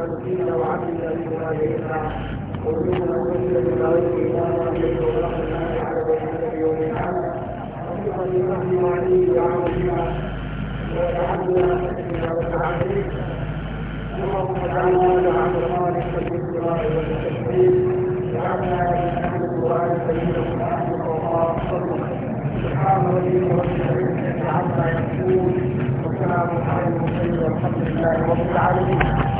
ونسينا وعملنا بما شئنا وكلنا كل بما وجدنا وعملنا ورحمنا على بيتنا بيوم العالم وفق لله وعليه وعملنا وتعبدنا حسنا وتعبدنا اللهم تعالى وعن خالق الاستواء والتشريف وعنا بالحمد وعن سبحان ربي رب العزه عما يقول وسلام على المرسلين والحمد لله رب العالمين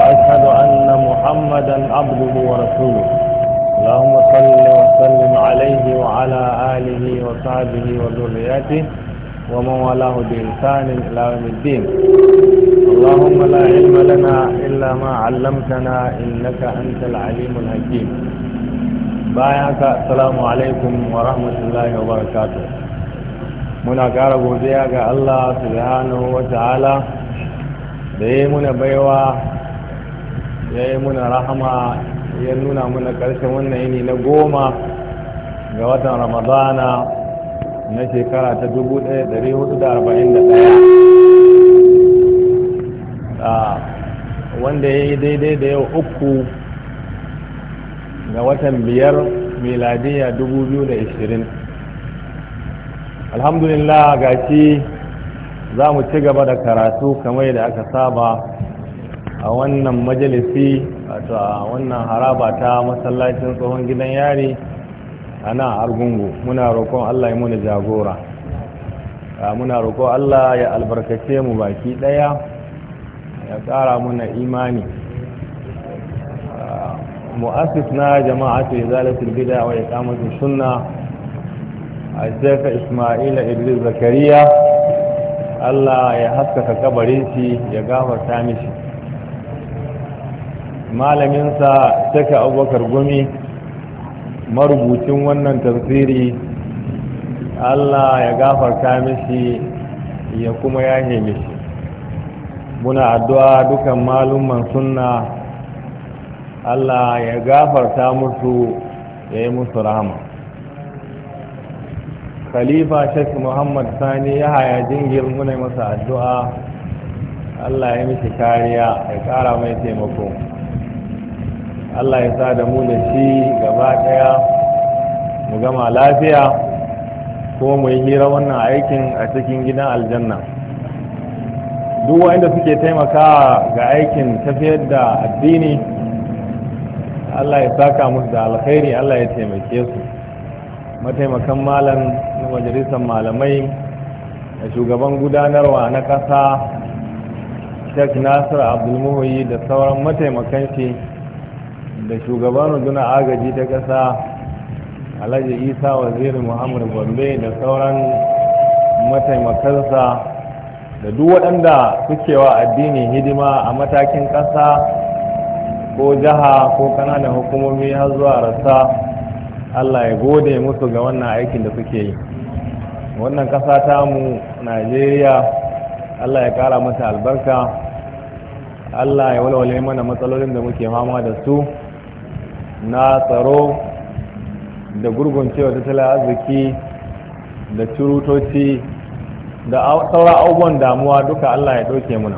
وأشهد أن محمدا عبده ورسوله اللهم صل وسلم عليه وعلى آله وصحبه وذريته ومن والاه بإنسان إلى يوم الدين اللهم لا علم لنا إلا ما علمتنا إنك أنت العليم الحكيم بايعك السلام عليكم ورحمة الله وبركاته muna ƙara godiya ga Allah subhanahu wa ta'ala da ya muna baiwa ya yi muna rahama ya nuna muna ƙarshen wannan yini na goma ga watan ramadana na shekara ta 1441 wanda ya yi daidai da yau uku ga watan biyar miladiya 2020 alhamdulillah gashi za mu ci gaba da karatu kamar da aka saba a wannan majalisi wato a wannan haraba ta masallacin tsohon gidan yari a nan argungu muna roƙon allah ya muni jagora muna roƙon allah ya albarkace mu baki ɗaya ya ƙara muna imani Mu'asif na jama'a ce zalatul gida wa iqamatu sunna a isma'ila idris zakariya allah ya haskaka kabarin shi ya gafarta mishi malaminsa take abubakar gumi marubucin wannan tafsiri allah ya gafarta mishi ya kuma yahe mishi muna addu'a dukan malumman sunna allah ya gafarta musu ya yi musu rahama khalifa shek muhammad sani ya haya jingir muna masa addu'a allah ya mishi kariya ya kara mai taimako Allah ya sa da mu da shi gaba ɗaya mu gama lafiya ko mu yi hira wannan aikin a cikin gidan aljanna duk wanda suke taimaka ga aikin tafiyar da addini Allah ya saka musu da alkhairi Allah ya taimake su mataimakan malam na majalisar malamai da shugaban gudanarwa na ƙasa sheikh nasir abdulmuhoyi da sauran mataimakan shi da shugaban rundunar agaji ta ƙasa alhaji isa wazirin muhammadu gombe da sauran mataimakarsa, da duk waɗanda suke wa addini hidima a matakin ƙasa ko jiha ko ƙananan hukumomi har zuwa rasa allah ya gode musu ga wannan aikin da suke yi wannan ƙasa mu najeriya allah ya ƙara mata albarka allah ya walwale mana matsalolin da muke fama da su na tsaro da gurguncewa tattalin arziki da turutoci da sauran abubuwan damuwa duka allah ya ɗauke muna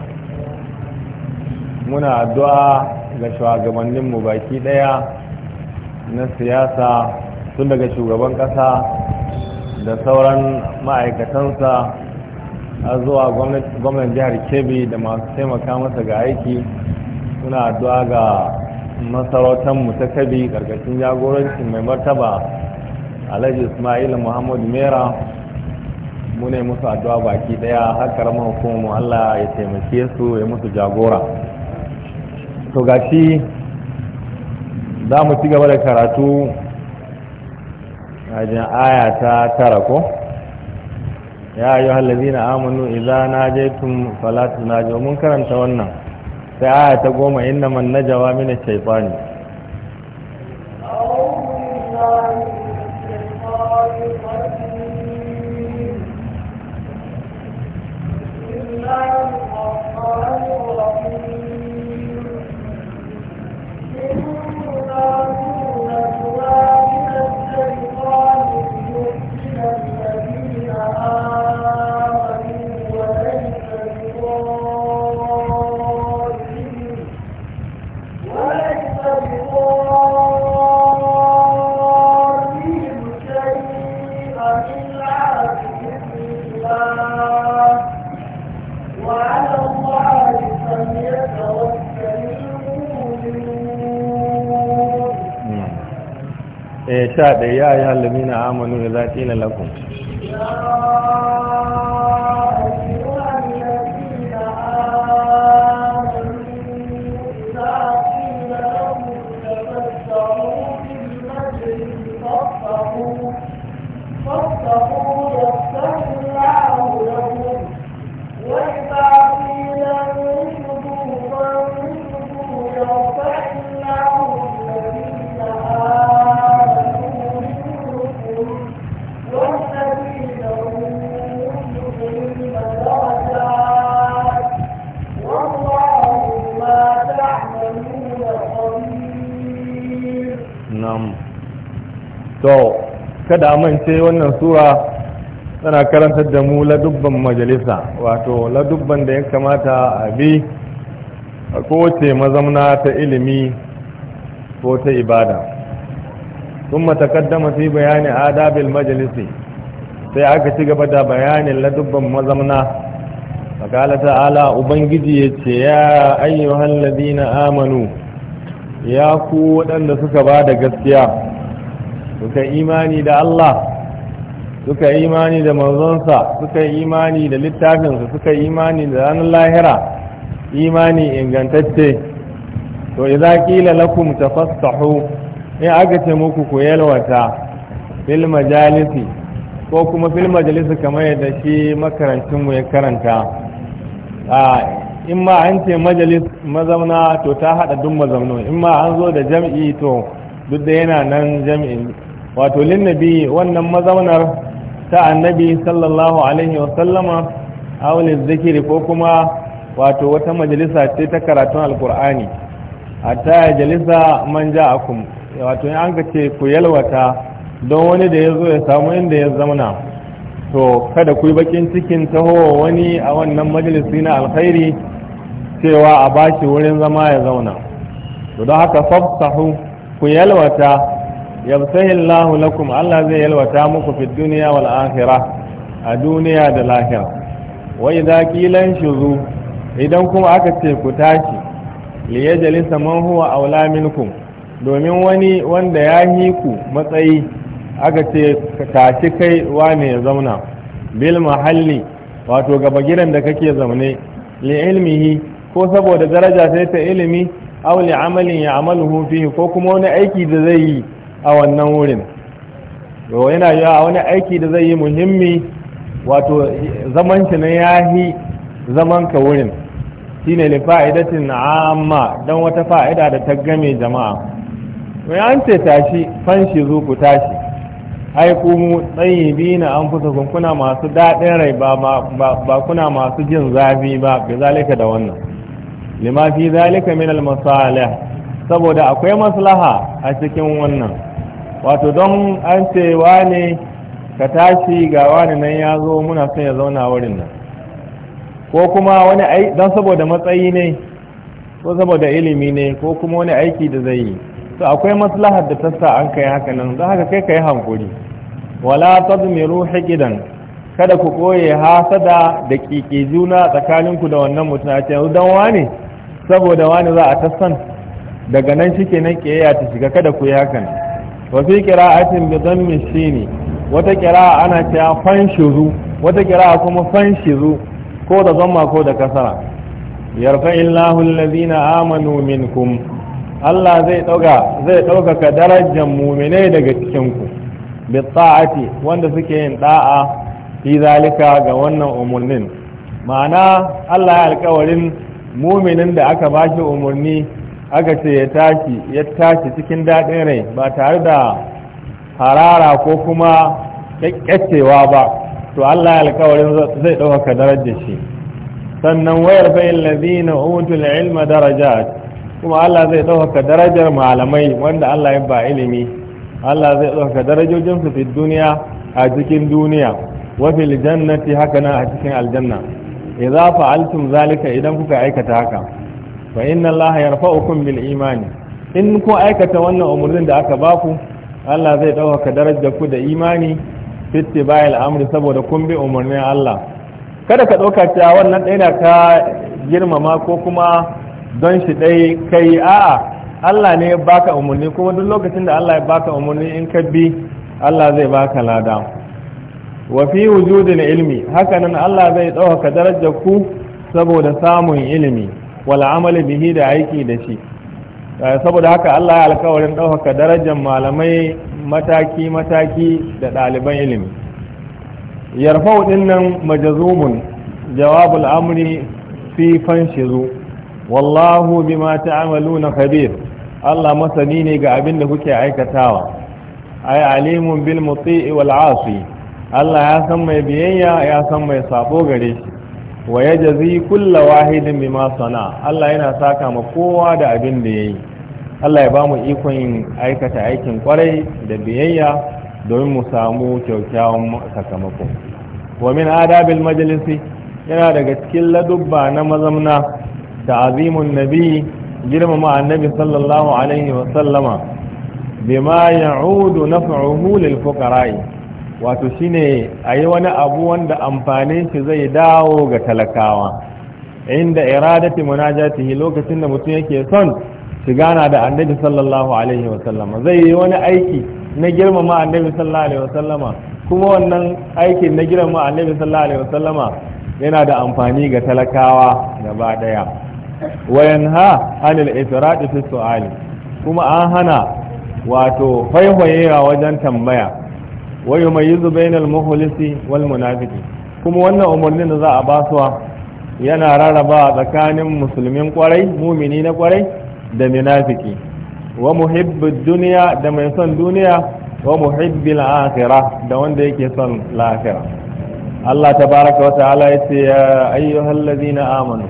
muna addu'a ga shugabanninmu baki ɗaya na siyasa tun daga shugaban ƙasa da sauran ma'aikatansa a zuwa gwamnan jihar kebbi da masu taimaka masa ga aiki muna addu'a ga mu ta kabi ƙarƙashin jagorancin mai martaba alhaji ismail muhammadu mera mu ne musu addu'a baki daya har karamar mu allah ya taimake su ya musu jagora to gashi za mu ci gaba da karatu ajin aya ta tara ko ya na amanu tun falatu fala je mun karanta wannan sai aya ta goma inna man najawa min shaytani sha ɗaya ya yi halami na amonu da za ƙila lakun فاستقوا kada mance wannan sura tana karantar da mu ladubban majalisa wato ladubban da ya kamata a bi a kowace mazamna ta ilimi ko ta ibada sun matakaddama yi bayani adabil majalisi sai aka ci gaba da bayanin ladubban mazamna fakala ta'ala ubangiji ya ce ya ayyuhan ladina amanu ya ku waɗanda suka ba da gaskiya suka imani da Allah suka imani da manzonsa suka imani da littafinsa suka imani da ranar lahira imani ingantacce to idza qila lakum tafassahu in aka ce muku ku yalwata fil majalisi ko kuma fil majalisi kamar yadda shi makarancin mu ya karanta a in ma an ce majalis mazauna to ta hada duk mazaunai in ma an zo da jam'i to duk da yana nan jam'in wato linnabi wannan mazaunar ta annabi sallallahu alaihi wasallama aulin zikiri ko kuma wato wata majalisa ce ta karatun alkur'ani a ta jalisa man ja akum wato in an ka ce ku yalwata don wani da ya zo ya samu inda ya zamana to kada ku yi bakin cikin taho wani a wannan majalisi na alkhairi cewa a bashi wurin zama ya zauna to don haka fafsahu ku yalwata yabtahi Allahu lakum Allah zai yalwata muku fi duniya wal akhirah a duniya da lahira wa idza qilan shuzu idan kuma aka ce ku tashi li yajlisa man huwa awla minkum domin wani wanda ya yi ku matsayi aka ce tashi kai wane ya zauna bil mahalli wato gaba gidan da kake zaune li ilmihi ko saboda daraja sai ta ilimi aw li amalin ya amalu fihi ko kuma wani aiki da zai yi a wannan wurin yana yi a wani aiki da zai yi muhimmi wato zaman shi na yahi zaman ka wurin shine ne fa'idatin amma don wata fa'ida da ta game jama'a mai an ce tashi fanshi zu ku tashi ai ku mu tsayi biyu na an kusa kuna masu daɗin rai ba kuna masu jin zafi ba bi zalika da wannan lima fi zalika min al saboda akwai maslaha a cikin wannan wato don an ce wane ka tashi ga wani nan ya zo muna son ya zauna wurin nan ko kuma wani don saboda matsayi ne ko saboda ilimi ne ko kuma wani aiki da zai yi to akwai maslahar da ta sa an kai haka nan don haka kai ka yi hankuri wala tazmiru hikidan kada ku koye hasada da kike juna tsakaninku da wannan mutum a ce don ne saboda wani za a tassan daga nan shi kenan kiyayya ta shiga kada ku yi hakan wa fi qira'atin bi dhammi ne. wata qira'a ana cewa fanshuru wata qira'a kuma fanshiru ko da zamma ko da kasara illahu alladhina amanu minkum Allah zai dauka zai ɗaukaka darajar muminai daga cikinku bi ta'ati wanda suke yin da'a fi zalika ga wannan umurnin ma'ana Allah ya alƙawarin muminin da aka bashi umurni aka ce ya tashi ya tashi cikin daɗin rai ba tare da harara ko kuma ƙyaƙƙyacewa ba to Allah alkawarin zai ɗaukaka darajar shi sannan wayar bayin lazina utul ilma darajat kuma Allah zai ɗaukaka darajar malamai wanda Allah ya ba ilimi Allah zai ɗaukaka darajojin su fi duniya a cikin duniya wa fil jannati haka nan a cikin aljanna idza fa'altum zalika idan kuka aikata haka fa inna allaha yarfa'ukum bil imani in ku aikata wannan umurnin da aka baku Allah zai dauka darajar ku da imani fitti bayil amri saboda kun bi umurnin Allah kada ka dauka cewa wannan ɗaya ka girmama ko kuma don shi dai kai a'a Allah ne ya baka umurni kuma duk lokacin da Allah ya baka umurni in ka bi Allah zai baka lada wa fi wujudin ilmi hakanan Allah zai dauka daraja ku saboda samun ilimi Wala amali bihi da aiki da shi eh, saboda haka Allah ya alkawarin ɗaukaka darajar malamai mataki-mataki da ɗaliban ilimi yarfau ɗin nan majazumun jawabul amri fi shiru. wallahu bima na khabir Allah masani ne ga abin da kuke aikatawa Ai alimun bil muti'i wal asi Allah ya san mai biyayya ya san mai sabo gare shi wa ya jazi kulla wahidin bima sana Allah yana saka ma kowa da abin da yayi Allah ya ba mu ikon aikata aikin kwarai da biyayya domin mu samu kyaukyawan sakamako wa min adabil majalisi yana daga cikin ladubba na mazamna ta'azimun nabi girmama annabi sallallahu alaihi wa sallama bima ya'udu naf'uhu lil fuqara'i wato shine a yi wani abu wanda amfanin shi zai dawo ga talakawa inda iradati munajatihi lokacin da mutum yake son shi gana da annabi sallallahu alaihi wasallama zai yi wani aiki na girmama annabi sallallahu alaihi wasallama kuma wannan aikin na girmama annabi sallallahu alaihi wasallama yana da amfani ga talakawa gaba daya ha anil ifradi fi su'ali kuma an hana wato faihoyewa wajen tambaya wa yumayyizu bainal muhlisi wal walmunafiki kuma wannan umarnin da za a basuwa yana rarraba tsakanin musulmin kwarai mumini na kwarai da munafiki wa muhibbi duniya da mai son duniya wa muhibbi lahira da wanda yake son lahira Allah ta baraka ta'ala yace ya na amanu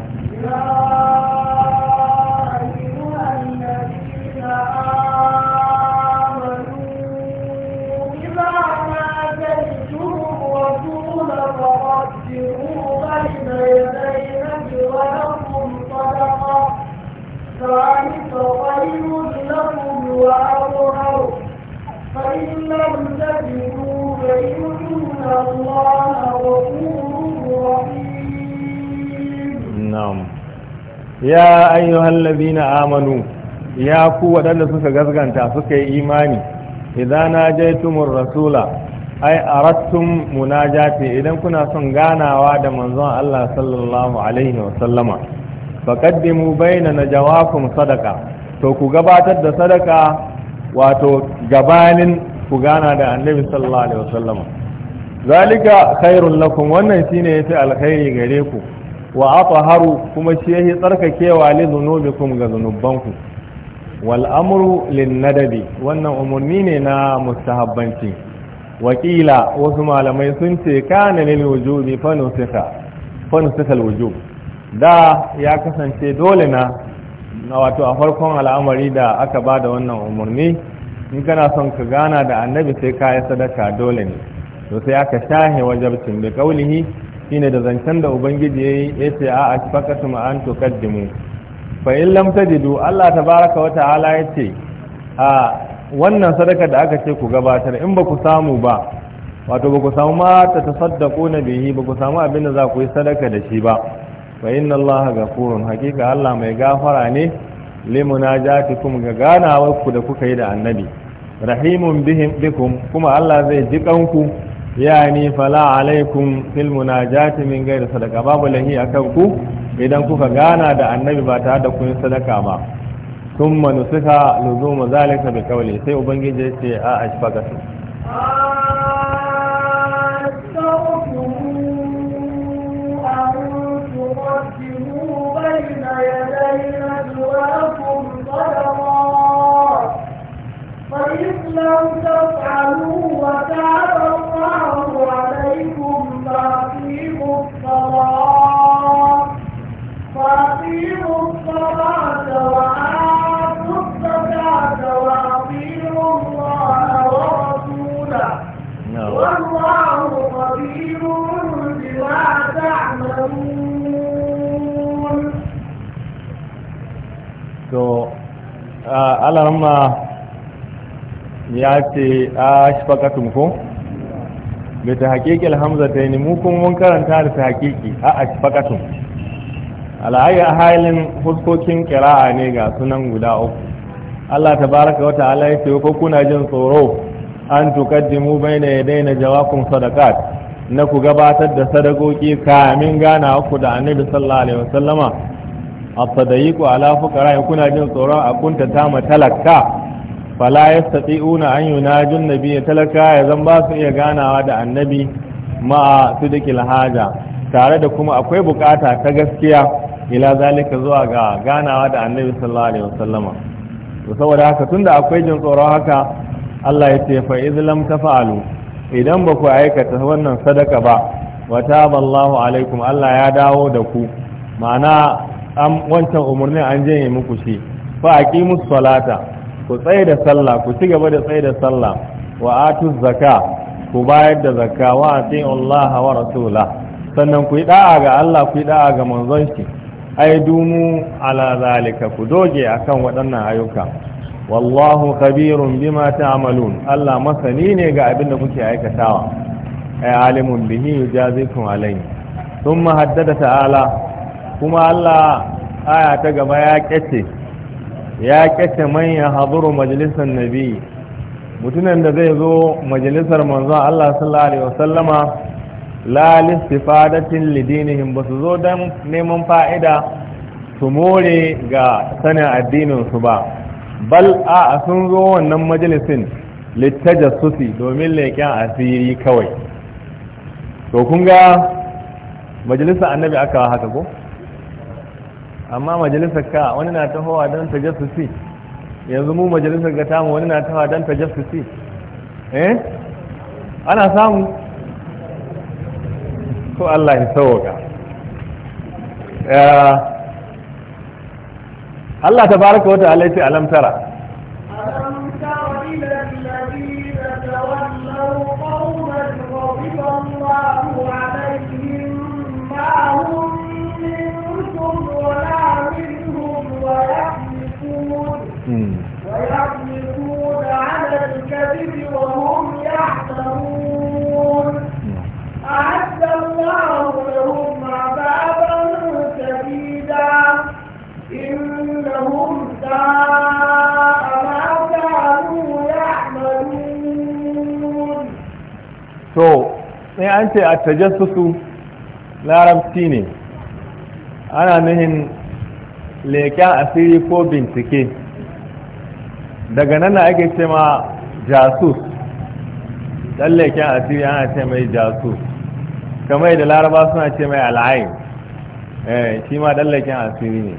Nam. Ya ayyuhal na amanu, ya ku waɗanda suka gasganta suka yi imani, idan na jaitumun rasula, ai arattun munajati idan kuna son ganawa da manzon Allah sallallahu Alaihi wasallama, ba baina na jawakun sadaka, to ku gabatar da sadaka wato gabanin ku gana da annabi sallallahu Alaihi wasallama. zalika khairun lakum wannan shine yafi alkhairi gare ku wa ataharu kuma shi yafi tsarkakewa li dhunubikum ga zunubanku wal amru lin nadabi wannan umurni ne na mustahabbanci wakila wasu malamai sun ce kana lil wujubi fa nusika fa nusika al wujub da ya kasance dole na wato a farkon al'amari da aka bada wannan umarni in kana son ka gana da annabi sai ka yi sadaka dole ne to sai aka shahe wajabcin da kaulihi shine da zancen da ubangiji yayi yace a ashfaqatu ma an tuqaddimu fa in lam tajidu Allah tabaaraka wa ta'ala ce a wannan sadaka da aka ce ku gabatar in ba ku samu ba wato ba ku samu ma ta na bihi ba ku samu abin da za ku yi sadaka da shi ba fa inna Allah furun hakika Allah mai gafara ne kuma ga ganawar ku da kuka yi da annabi rahimun bihim bikum kuma Allah zai ji kanku yani fala alaikum fil munajati min ghairi sadaka babu lahi akan ku idan kuka gana da annabi ba tare da kun sadaka ba thumma nusika luzum zalika bi qawli sai ubangiji ya ce a ashfaka su فإن لم to alarma ya ce a shafakatun ko da ta haƙiƙi alhamzata ne mu kuma mun karanta da ta haƙiƙi a a shafakatun a halin fuskokin kira'a ne ga sunan guda uku Allah ta baraka wata ala ya ce ko kuna jin tsoro an tukaddimu bai na yadda na jawakun sadakat na ku gabatar da sadakoki kamin gana ku da annabi sallallahu alaihi wasallama afadayiku ala fuqara kuna jin tsoron a kunta ta talaka. fala yastati'una an yunajun nabiyya talaka ya zan ba su iya ganawa da annabi ma sidikil haja tare da kuma akwai bukata ta gaskiya ila zalika zuwa ga ganawa da annabi sallallahu alaihi wasallama to saboda haka tunda akwai jin tsoron haka Allah ya ce fa iz lam tafalu idan ba ku aikata wannan sadaka ba wa taba Allahu alaikum Allah ya dawo da ku ma'ana an wancan umarnin an janye muku shi fa a salata ku tsaye da sallah ku ci gaba da tsaye da sallah wa atu zaka ku bayar da zakka wa ati Allah wa rasula sannan ku yi da'a ga Allah ku yi da'a ga manzon shi ai dumu ala zalika ku doge akan waɗannan ayyuka wallahu khabirun bima ta'malun Allah masani ne ga abin da kuke aikatawa ai alimun bihi yujazikum alayhi thumma haddada ta'ala kuma Allah aya ta gaba ya kyace ya manyan haduru majalisar nabi mutumin da zai zo majalisar manzon Allah sallallahu alaihi wasallama la listifadatin lidinihim ba su zo don neman fa'ida su more ga sanin addininsu ba bal a sun zo wannan majalisin littajassusi domin leƙen asiri kawai to kun ga majalisar annabi aka haka ko? amma majalisar ka wani na tahowa don ta si yanzu mu majalisar ga tamu wani na tahowa don ta si eh ana samu ko Allah ya sauka eh, Allah ta baraka wata alaiti alamtara to sai an ce a tajassusu larabci ne ana nuhin leƙen asiri ko bincike daga nan ake ce ma jasus ɗan leƙen asiri ana ce mai jasus kamar da laraba suna ce mai al'ayin eh, shi ma ɗan leƙen asiri ne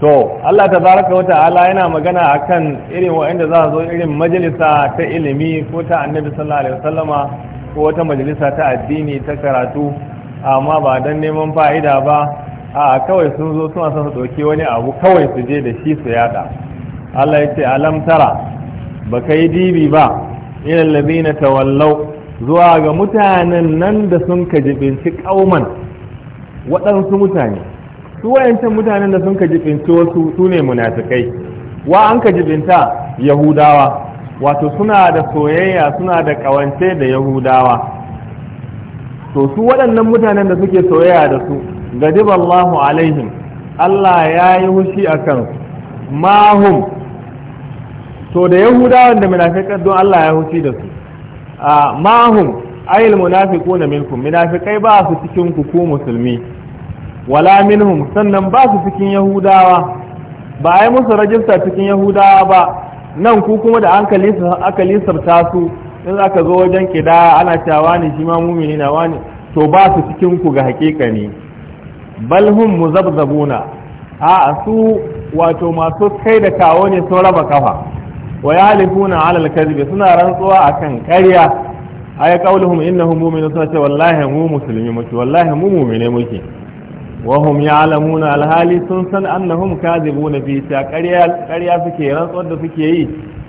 to Allah ta baraka wata ta'ala yana magana akan irin waɗanda za zo irin majalisa ta ilimi ko ta annabi sallallahu alaihi wasallama ko wata majalisa ta addini ta karatu amma ba dan neman fa'ida ba a kawai sun zo suna son su ɗauki wani abu kawai su je da shi su yada Allah ya ce alam tara ba kai dibi ba ila ladina tawallau zuwa ga mutanen nan da sun kajibinci jibinci kauman waɗansu mutane su wayancan mutanen da sun ka jibinci wasu su ne munafikai wa an ka jibinta yahudawa wato suna da soyayya suna da kawance da yahudawa to su waɗannan mutanen da suke soyayya da su gadib Allahu alaihim Allah ya yi hushi a kan mahum to da yahudawan da munafikai don Allah ya hushi da su ah, mahum ayil munafiquna minkum munafikai ba su cikin ku ku musulmi wala minhum sannan ba su cikin yahudawa ba a yi musu rajista cikin yahudawa ba nan ku kuma da aka lisafta su in aka zo wajen kida ana cewa ne shi ma mumini na wani to ba su cikin ku ga hakika ne bal hum muzabzabuna a su wato masu kai da kawo ne sun raba kafa wa ya ala al-kadhib suna rantsuwa akan ƙarya ay qauluhum innahum mu'minun suna ce wallahi mu musulmi muke wallahi mu mu'mine muke wahum ya'lamuna alhali sun san annahum ka fi na ƙarya karya suke rantsuwar da suke yi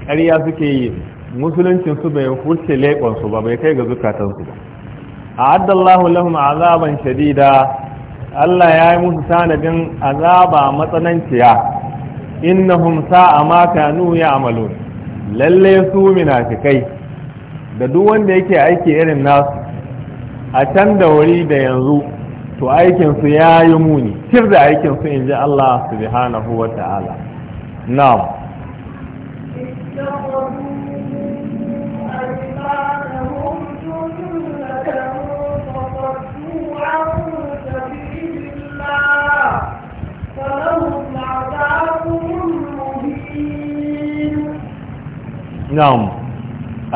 ƙarya suke yi musuluncin su bai huce laikonsu ba bai kai ga zukatan su ba a'adda Allahu lahum azaban shadida Allah ya yi musu sanadin azaba matsananciya innahum sa'a ma kanu ya'malun lalle su munafikai da duk wanda yake aiki irin nasu a can da wuri da yanzu to aikinsu ya yi muni tir da aikinsu in ji Allah subhanahu wa ta'ala now Na'am,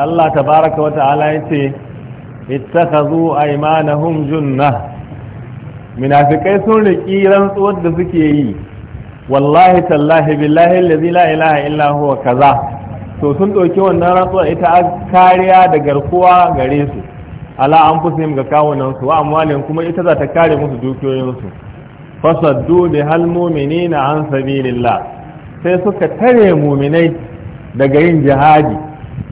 Allah tabaraka wa ta'ala ya ce, Ittakazu aimanahum junnah munafikai sun riƙi rantsuwar da suke yi wallahi tallahi billahi allazi la ilaha illa huwa kaza to sun ɗauki wannan rantsuwar ita kariya da garkuwa gare su ala an fusim ga kawunan su wa amwalin kuma ita za ta kare musu su fasaddu bi hal mu'minina an sabilillah sai suka tare mu'minai daga yin jihadi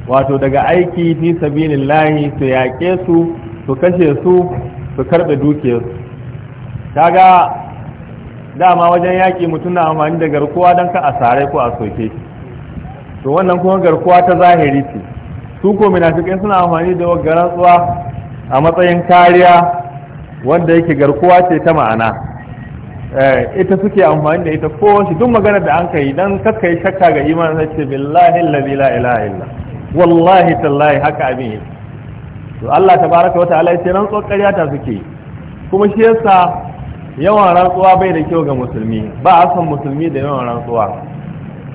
wato daga aiki fi sabilillah su yaƙe su su kashe su su karɓe dukiyarsu kaga dama wajen yaƙi mutum na amfani da garkuwa don ka a sare ko a soke to wannan kuma garkuwa ta zahiri ce su ko munafikai suna amfani da waggaran a matsayin kariya wanda yake garkuwa ce ta ma'ana eh, ita suke amfani da ita ko shi duk maganar da an ka yi don kakka yi shakka ga imanin sai ce billahi allazi la ilaha illa wallahi tallahi haka abin yi to Allah tabaraka wa ya ce nan tsokariya ta suke kuma shi yasa yawan rantsuwa bai da kyau ga musulmi ba a san musulmi da yawan rantsuwa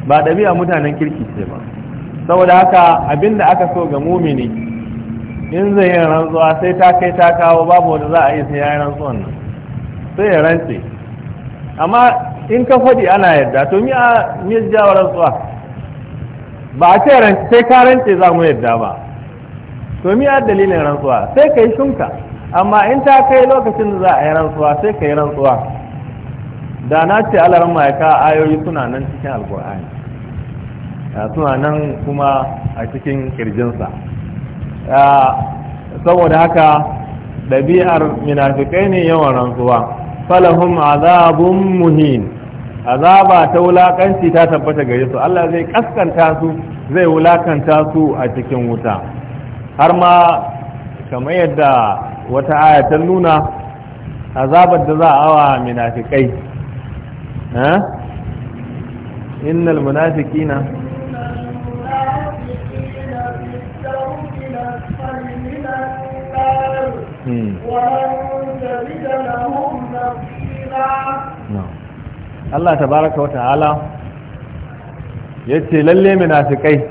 ba ɗabi'a mutanen kirki ce ba saboda haka abinda aka so ga mumini in zai yi rantsuwa sai ta kai ta kawo babu wanda za a yi sai ya yi rantsuwan nan sai ya rantse amma in ka faɗi ana yadda to mi a mi jawo rantsuwa ba a ce sai ka rantse za mu yadda ba to mi a dalilin rantsuwa sai ka yi shunka amma in ta kai lokacin da za a yi rantsuwa sai ka yi rantsuwa da na ce alaran ma'aika ayoyi suna nan cikin alkur'ani suna nan kuma a cikin kirjinsa saboda haka ɗabi'ar minafikai ne yawan rantsuwa falahum azabun muhin azaba ta wulakanci ta tabbata gare su Allah zai kaskanta su zai wulakanta su a cikin wuta har ma kamar yadda wata aya ta nuna azabar da za a awa munafikai innal munafiqina hmm. Allah Ta tabaraka wa ta'ala ce, lalle munafikai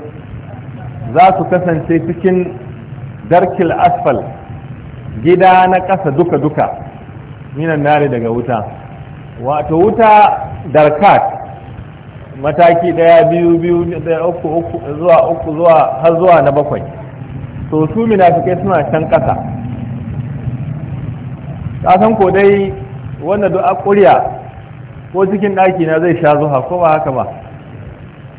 za su kasance cikin darkil asfal gida na ƙasa duka-duka minan nare daga wuta wato wuta darkat mataki daya biyu biyu daya uku uku zuwa uku zuwa har zuwa na bakwai to su suna can ƙasa ƙasan ko dai wanda duk akuriya ko cikin ɗaki na zai sha zuwa ko ba haka ba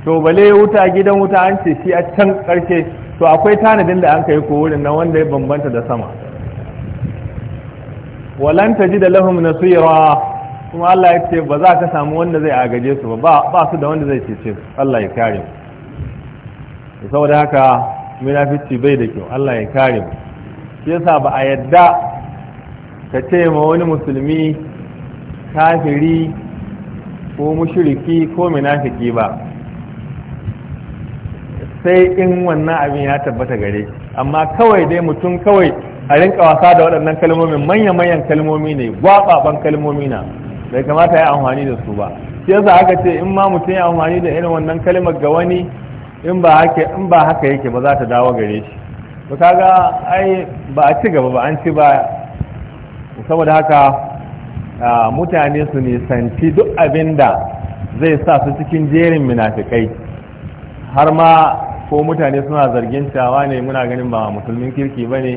to bale wuta gidan wuta an ce shi a can ƙarshe to akwai tanadin da an kai ko wurin na wanda ya bambanta da sama walan ta ji da lahum nasira kuma Allah ya ce ba za ka samu wanda zai agaje su ba ba su da wanda zai ce ce Allah ya kare mu saboda haka munafici bai da kyau Allah ya kare mu shi yasa ba a yadda ka ce ma wani musulmi kafiri ko mushriki ko munafiki ba sai in wannan abin ya tabbata gare amma kawai dai mutum kawai a rinka wasa da waɗannan kalmomin manya-manyan kalmomi ne gwaɓaɓan kalmomi na bai kamata ya amfani da su ba shi yasa aka ce in ma mutum ya amfani da irin wannan kalmar ga wani in ba haka in ba haka yake ba za ta dawo gare shi to kaga ai ba a ci gaba ba an ci ba saboda haka mutane su nisanci duk abin da zai sa su cikin jerin munafikai har ma ko mutane suna zargin cewa ne muna ganin ba musulmin kirki ba ne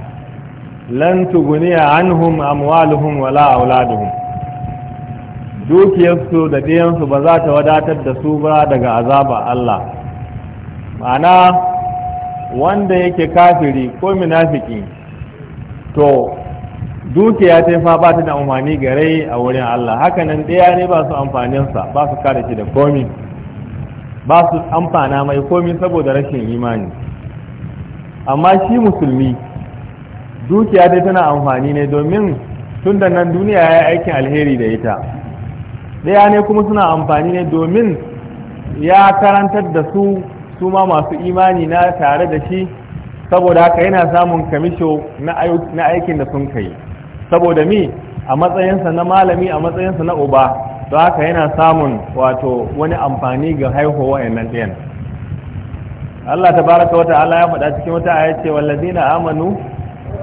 lan tuguniya anhum amwaluhum wala auladuhum dukiyarsu da ɗiyansu ba za ta wadatar da su ba daga azaba Allah ma'ana wanda yake kafiri ko munafiki to dukiya ta fa ba ta da amfani gare a wurin Allah hakanan ɗaya ne ba su amfaninsa ba su kare shi da komi ba su amfana mai komi saboda rashin imani amma shi musulmi dukiya dai tana amfani ne domin tun da nan duniya ya yi aikin alheri da ita daya ne kuma suna amfani ne domin ya karantar da su su ma masu imani na tare da shi saboda haka yana samun kamisho na aikin da sun kai saboda mi a matsayinsa na malami a matsayinsa na uba to haka yana samun wato wani amfani ga haihuwa nan ɗayan Allah ta baraka wata allah ya faɗa cikin wata aya ce wallazina amanu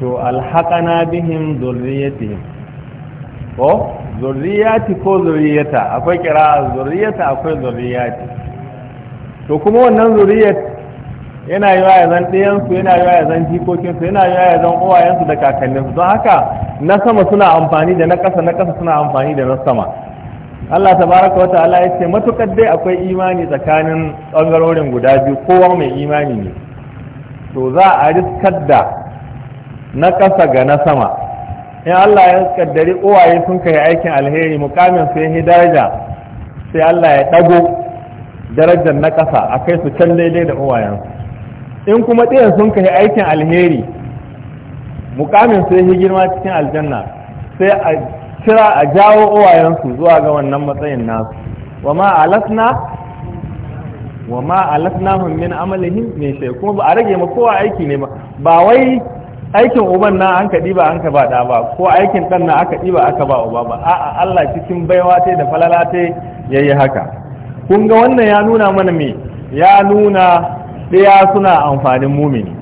to alhaƙana bihim zurriyatihim ko zurriyati ko zurriyata akwai kira zurriyata akwai zurriyati to kuma wannan zurriyat yana yi wa zan ɗayansu yana yi wa zan jikokinsu yana yi ya zan uwayensu da kakanninsu don haka na sama suna amfani da na ƙasa na ƙasa suna amfani da na sama Allah tabaraka wa ta'ala ya ce matukar dai akwai imani tsakanin ɓangarorin guda biyu kowa mai imani ne to za a riskar da na ƙasa ga na sama in Allah ya kaddari uwaye sun kai aikin alheri mukamin su yi daraja sai Allah ya ɗago darajar na ƙasa a kai su can daidai da uwayen in kuma ɗayan sun kai aikin alheri mukamin su yi girma cikin aljanna sai a kira a jawo uwayensu zuwa ga wannan matsayin nasu wa ma alasna wa ma min amalihim min shay kuma ba a rage ma kowa aiki ne ba ba wai aikin uban na an ka ɗiba an ka ba ɗa ba ko aikin ɗan na aka ɗiba aka ba uba ba a'a Allah cikin baiwa ta da falala ta ya yi haka kun ga wannan ya nuna mana me ya nuna ɗaya suna amfanin mumini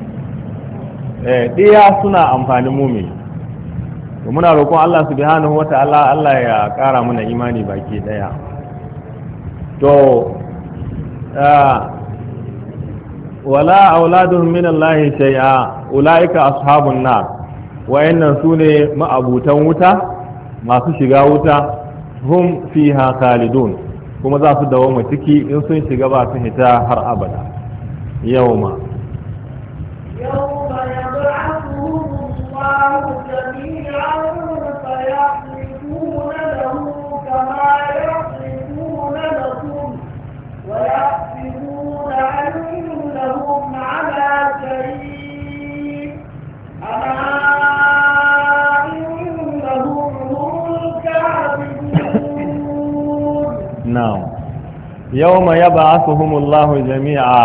eh, ɗaya suna amfanin mumini muna roƙon Allah subhanahu wata'ala Allah ya ƙara mana imani baki ɗaya to ah, wala auladuhum min Allah shay'a ulaika ashabun nar wayannan sune ma'abutan wuta masu shiga wuta hum fiha khalidun kuma za su dawo ciki in sun shiga ba su hita har abada yawma yawma yab'athuhum Allah na'am yawma yab'athuhumullahu jami'a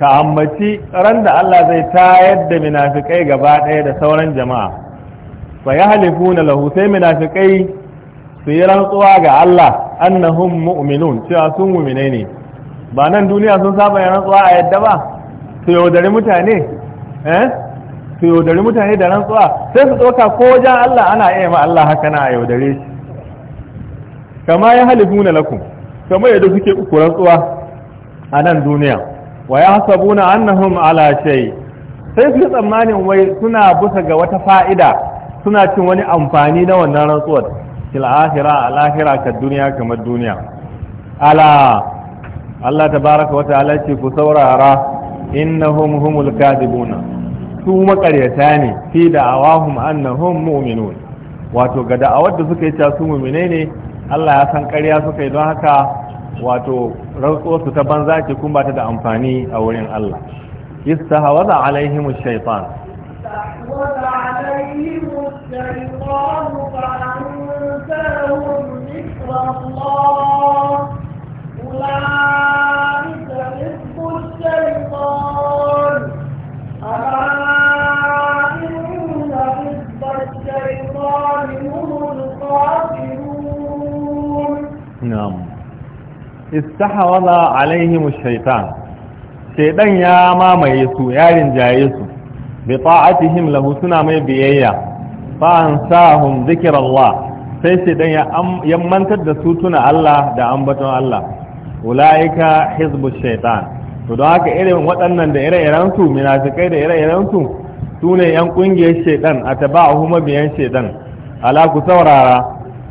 ka ambaci ran da Allah zai tayar da minafikai gaba ɗaya da sauran jama'a fa ya halifu na lahu sai minafikai su yi rantsuwa ga Allah annahum mu'minun cewa sun mu'mine ne ba nan duniya sun saba yin rantsuwa a yadda ba su yaudari mutane eh su yaudari mutane da rantsuwa sai su ɗauka ko wajen Allah ana iya ma Allah haka na a yaudare shi kama ya halifuna lakum kama yadda suke ku rantsuwa a nan duniya wa ya hasabuna annahum ala shay sai su tsammanin wai suna busa ga wata fa'ida suna cin wani amfani na wannan rantsuwar fil akhirah al akhirah ka duniya kamar duniya ala Allah tabaraka wa ta'ala ce ku saurara innahum humul kadibuna su makaryata ne fi da'awahum annahum mu'minun wato ga da'awar da suka yi ta su ne Allah ya san ƙarya suka yi don haka wato rantsuwar su ta banza ke kuma ba ta da amfani a wurin Allah istahawaza alaihim shaytan أولئك Istahwaza alaihim shaitan shaitan ya mamaye su ya rinjaye su bi ta'atihim lahu suna mai biyayya fa ansahum dhikrallah sai shaitan ya yammantar da su tuna Allah da ambaton Allah ulaika hizbu shaitan to don haka irin waɗannan da ire-iren su munafikai da ire-iren su sune yan kungiyar shaitan atba'uhum biyan shaitan ala ku saurara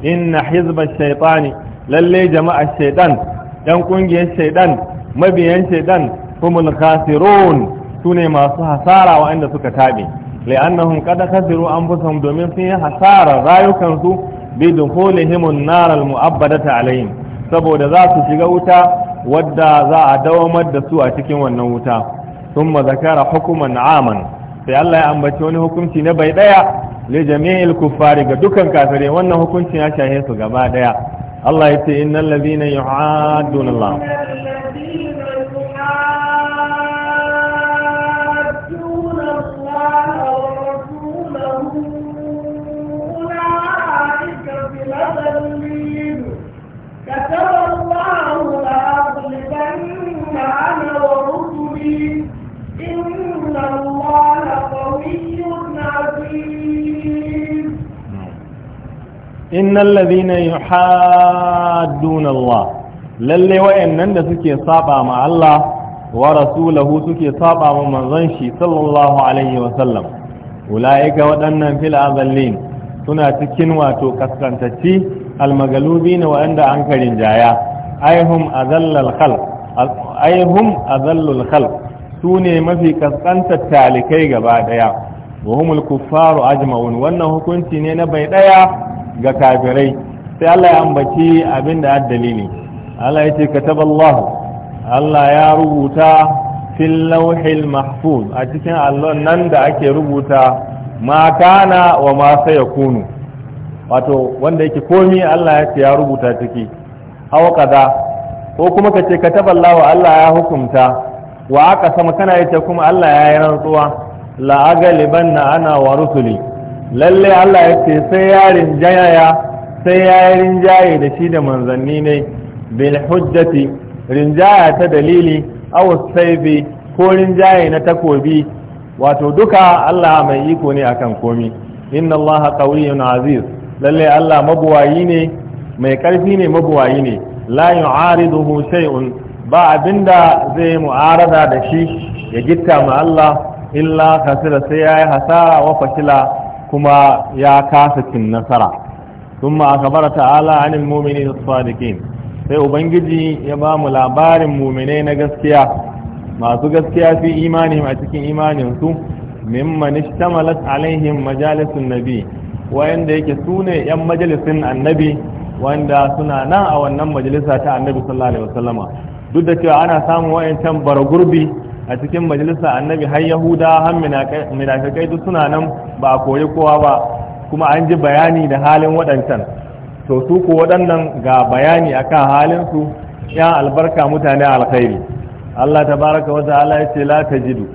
inna hizba shaitani lalle jama'a shaitan yan kungiyar shaidan mabiyan shaidan humul khasirun sune masu hasara waɗanda suka tabe li'annahum qad khasiru anfusahum domin sun yi hasara rayukansu bi dukhulihim an-nar al-mu'abbadata alayhim saboda za su shiga wuta wadda za a dawamar da su a cikin wannan wuta thumma zakara hukuman aman sai Allah ya ambaci wani hukunci na bai daya li jami'il kuffari ga dukan kafirai wannan hukunci ya shahe su gaba daya الله يتي إن الذين يعادون الله innal ladhina yuhadduna Allah lalle wayannan da suke saba ma Allah wa rasulahu suke saba ma manzon shi sallallahu alaihi wa sallam ulaika waɗannan fil azallin suna cikin wato kaskantacci almagalubi na waɗanda an karin jaya aihum azallal khalq aihum azallul khalq sune mafi ƙasƙantar talikai gaba daya wa humul kuffaru ajma'un wannan hukunci ne na bai daya ga kafirai sai Allah ya ambaci abin da ne. Allah ya ce kataballahu Allah ya rubuta fil lawhil mahfuz a cikin allon nan da ake rubuta ma kana wa ma sayakunu wato wanda yake komi Allah ya ce ya rubuta ciki aw kaza ko kuma kace kataballahu Allah ya hukumta wa aka sama kana yace kuma Allah ya yi rantsuwa la na ana wa rusuli lalle Allah ya ce sai ya rinjaya sai ya rinjaye da shi da manzanni ne bil hujjati rinjaya ta dalili aw saibi ko rinjaye na takobi wato duka Allah mai iko ne akan komi inna Allah qawiyyun aziz lalle Allah mabuwayi ne mai karfi ne mabuwayi ne la yu'ariduhu shay'un ba abinda zai mu'arada da shi ya gitta ma Allah illa kasira sai ya hasara wa fashila kuma ya kasa cin nasara ثم أخبر تعالى عن المؤمنين الصادقين sai ubangiji ya ba mu labarin muminai na gaskiya masu gaskiya fi imanin a cikin imaninsu mimman ishtamalat alaihim majalisun nabi wayanda yake sune yan majalisin annabi wanda suna nan a wannan majalisa ta annabi sallallahu alaihi wasallama duk da cewa ana samun wayancan bara gurbi a cikin majalisa annabi har yahuda har minafikai duk suna nan ba a koyi kowa ba kuma an ji bayani da halin waɗancan to su ko waɗannan ga bayani akan halin su ya albarka mutane alkhairi Allah tabaraka wa ta'ala ya ce la tajidu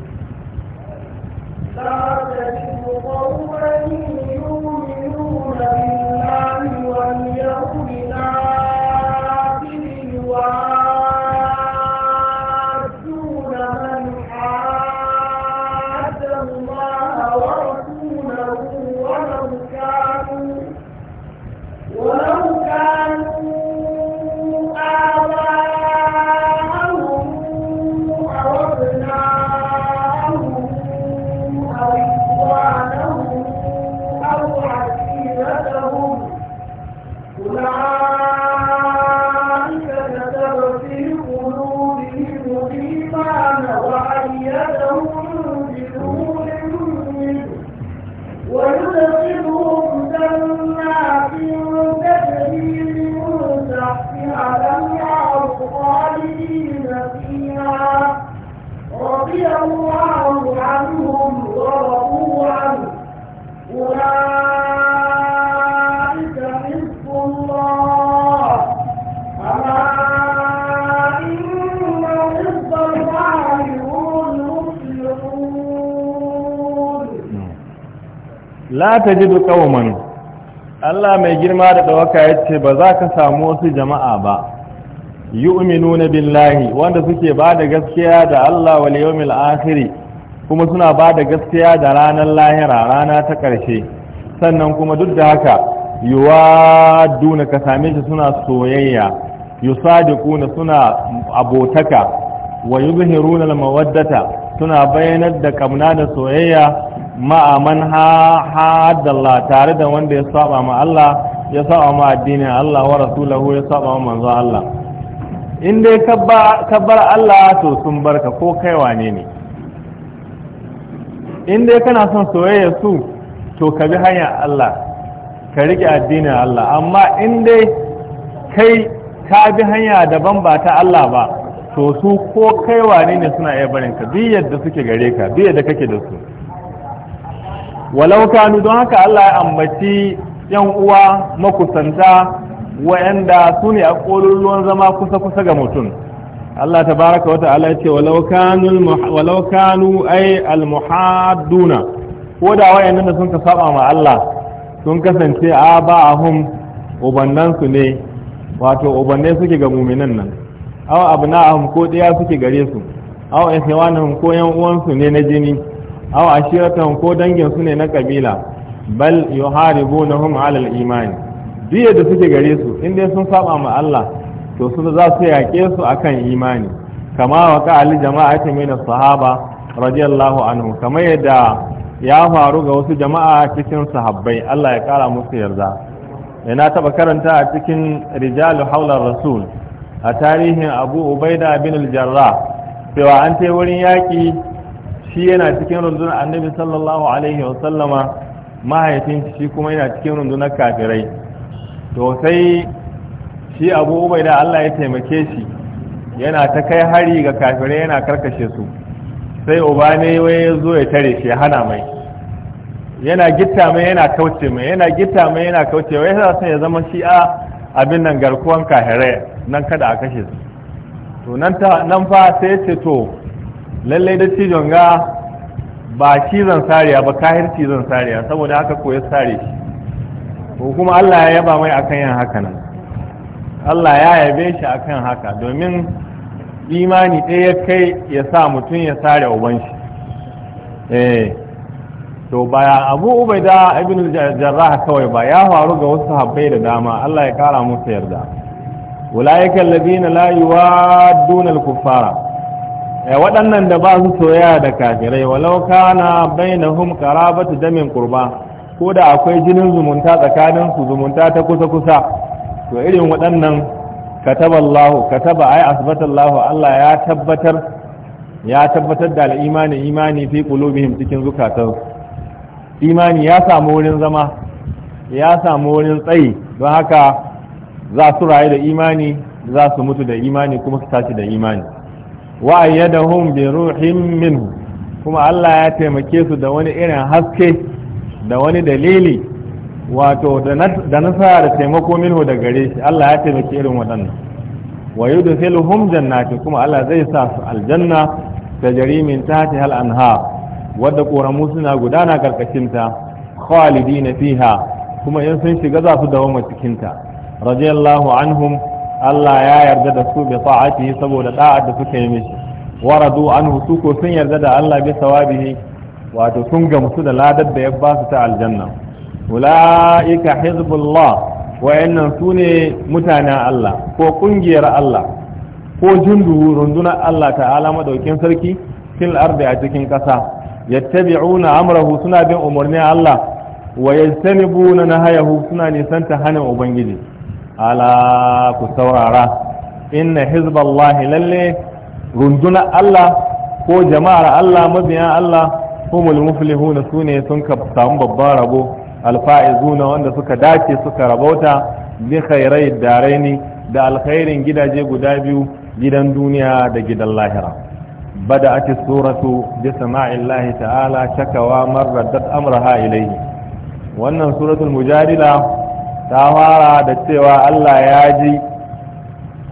la tajidu qauman Allah mai girma da dawaka yace ba za ka samu wasu jama'a ba yu'minuna billahi wanda suke ba da gaskiya da Allah wal yawmil akhir kuma suna ba da gaskiya da ranar lahira rana ta ƙarshe sannan kuma duk da haka yuwaduna ka same shi suna soyayya yusadiquna suna abotaka wa yuzhiruna al-mawaddata suna bayanar da kamna da soyayya ma'aman haddalla tare da wanda ya saba ma Allah ya saba ma addinin Allah wa rasulahu ya saba ma manzo Allah in dai ka bar Allah to sun barka ko kai wane ne in dai kana son soyayya su to ka bi hanyar Allah ka rike addinin Allah amma in dai kai ka bi hanya daban ba ta Allah ba to su ko kai wane ne suna iya barinka duk yadda suke gare ka da yadda kake da su walau kanu don haka Allah ya ambaci yan uwa makusanta wa'anda su ne a ruwan zama kusa-kusa ga mutum Allah ta baraka wa ta'ala ya ce walau kanu ai almuhaduna ko da wayannan sun ka saba ma Allah sun kasance a ba a hum ubannansu ne wato ubanne suke ga muminan nan aw abna'ahum ko ɗaya suke gare su aw ihwanahum ko yan uwansu ne na jini aw ashiratan ko dangin su ne na kabila bal yuharibunahum ala al-iman diya da suke gare su in sun saba ma Allah to su za su yake su akan imani kama wa jama'a jama'ati min as-sahaba radiyallahu anhu kamar yadda ya faru ga wasu jama'a cikin sahabbai Allah ya kara musu yarda na taba karanta a cikin rijalu haula rasul a tarihin abu ubaida bin al-jarrah cewa an tai wurin yaƙi shi yana cikin rundunar annabi sallallahu alaihi wasallama mahaifin shi kuma yana cikin rundunar kafirai to sai shi abu ubai da Allah ya taimake shi yana ta kai hari ga kafirai yana karkashe su sai uba ne wai ya zo ya tare shi hana mai yana gitta mai yana kauce mai yana gitta mai yana kauce mai yana sai ya zama shi a abin nan garkuwan kahirai nan kada a kashe su to nan fa sai ce to lallai dattijon ga ba cizon sariya ba kahir cizon sariya saboda haka koya sare shi ko kuma Allah ya yaba mai akan yin haka nan Allah ya yabe shi akan haka domin imani ɗaya kai ya sa mutum ya sare uban shi eh to ba abu ubaida ibn jarrah kawai ba ya faru ga wasu habbai da dama Allah ya kara musu yarda ulaika alladhina la yuwadduna al-kuffara Eh, waɗannan da ba su soyayya da kafirai walau kana bainahum qarabatu damin qurba ko da akwai jinin zumunta tsakanin su zumunta ta kusa kusa to irin waɗannan kataballahu kataba ay asbatallahu Allah ya tabbatar ya tabbatar da al'imani imani fi qulubihim cikin zukatan imani ya samu wurin zama ya samu wurin tsayi don haka za su rayu da imani za su mutu da imani kuma su tashi da imani wa ayyadahum bi ruhin kuma Allah ya taimake su da wani irin haske da wani dalili wato da nasara da taimako minhu da gare shi Allah ya taimake irin waɗannan wa yudkhiluhum jannati kuma Allah zai sa su aljanna da jari min tahtiha al-anhar wadda koramu suna gudana karkashin ta khalidina fiha kuma in sun shiga za su dawo cikin ta radiyallahu anhum Allah ya yarda da su bi ta'atihi saboda da'ar da suka yi mishi waradu anhu su ko sun yarda da Allah bi sawabihi wato sun gamsu da ladar da ya ba su ta aljanna ulaika hizbullah wayannan su ne mutanen Allah ko kungiyar Allah ko jundu rundunar Allah ta'ala madaukin sarki fil ardi a cikin kasa yattabi'una amrahu suna bin umarnin Allah wa yajtanibuna nahayahu suna nisanta hanin ubangiji ala ku saurara inna hizballahi lalle runduna Allah ko jama'ar Allah mabiya Allah humul muflihuna sune sun ka samu babban rabo alfa'izuna wanda suka dace suka rabauta bi khairai daraini da alkhairin gidaje guda biyu gidan duniya da gidan lahira بدأت السورة بسماع الله تعالى شكوى من ردت أمرها إليه وأن سورة المجادلة ta fara da cewa Allah ya ji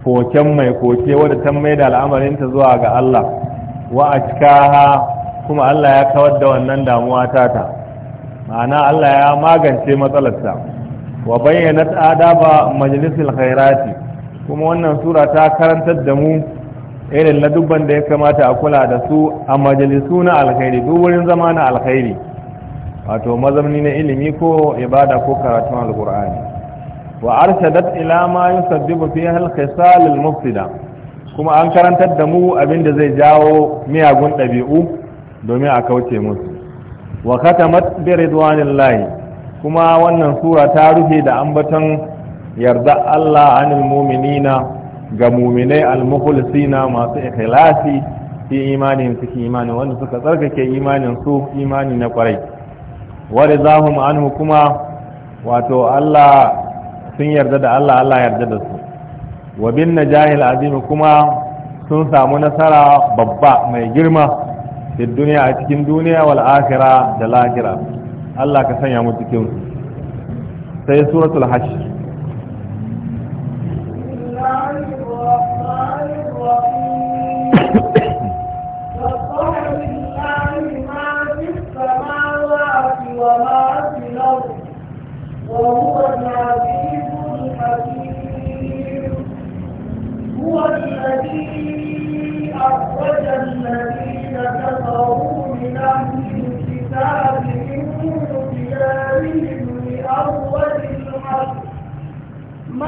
koken mai koke wadda ta mai da al'amarinta zuwa ga Allah wa a kuma Allah ya kawar da wannan damuwa ta ta ma'ana Allah ya magance matsalarta wa bayyana adaba majalisul khairati kuma wannan sura ta karantar da mu irin dubban da ya kamata a kula da su a majalisu na alkhairi duk wurin zama na alkhairi wato mazamni na ilimi ko ibada ko karatun alkur'ani وارشدت الى ila يسبب فيها الخصال المفسده كما ان mufsida kuma an karantar da mu abin da zai jawo miyagun ɗabi'u domin a kauce musu kuma wannan sura ta rufe da ambaton yarda Allah anil mu'minina ga mu'minai al-mukhlisina masu ikhlasi fi imanin fi imani wanda suka tsarkake imanin su imani na kwarai wa zahum anhu kuma wato Allah sun yarda da Allah Allah yarda da su wa bin najahil azimi kuma sun samu nasara babba mai girma fi duniya a cikin duniya wal akhira da lahira Allah ka sanya mu cikin sai suratul hashr الذين كفروا من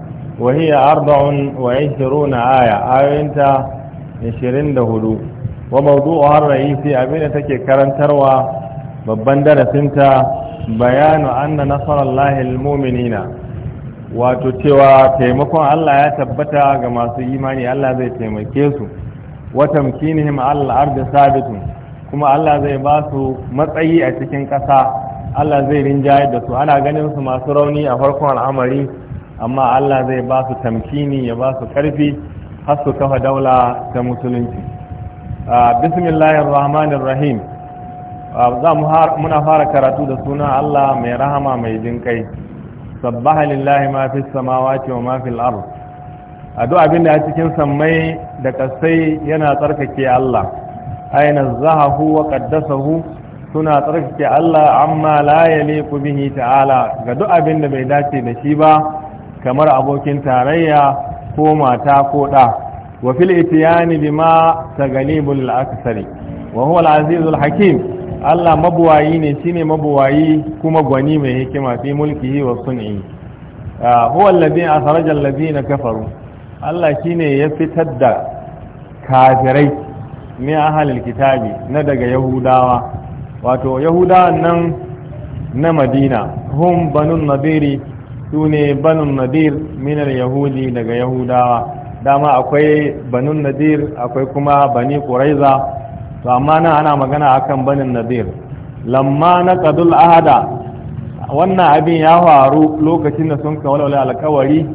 وهي أربع وعشرون آية آية انت عشرين دهلو وموضوع الرئيسي أبين تكي كرن تروى ببندر انت بيان أن نصر الله المؤمنين وتتوى تيمكو ألا يتبتا كما سيماني ألا زي تيمكيسو وتمكينهم على الأرض ثابت كما ألا zai باسو مطعي أتكين كسا cikin ƙasa Allah zai rinjaye da su ana ganin su masu rauni a farkon al'amari amma Allah zai ba su tamkini ya ba su karfi har su kafa daula ta musulunci bismillahir rahim za mu muna fara karatu da suna Allah mai rahama mai jinkai sabbaha lillahi ma fis samawati wa ma fil ard addu'a abin da a cikin sammai da kasai yana tsarkake Allah aina zahahu wa qaddasahu suna tsarkake Allah amma la yaliqu bihi ta'ala ga duk abin da bai dace da shi ba kamar abokin tarayya ko mata ko ɗa wa fil itiyani bima tagalibul aksari wa huwa al-azizul hakim Allah mabuwayi ne shine mabuwayi kuma gwani mai hikima fi mulkihi wa sun'i ah, huwa alladhi asraja alladhina kafaru Allah shine ya fitar da kafirai min ahlil kitabi na daga yahudawa wato yahudawan nan na madina hum banun nadiri su ne banun nadir minar yahudi daga yahudawa dama akwai banun nadir akwai kuma bani ƙuraiza to amma nan ana magana akan banin nadir lamma na ƙadul ahada wannan abin ya faru lokacin da sun kawalwale alkawari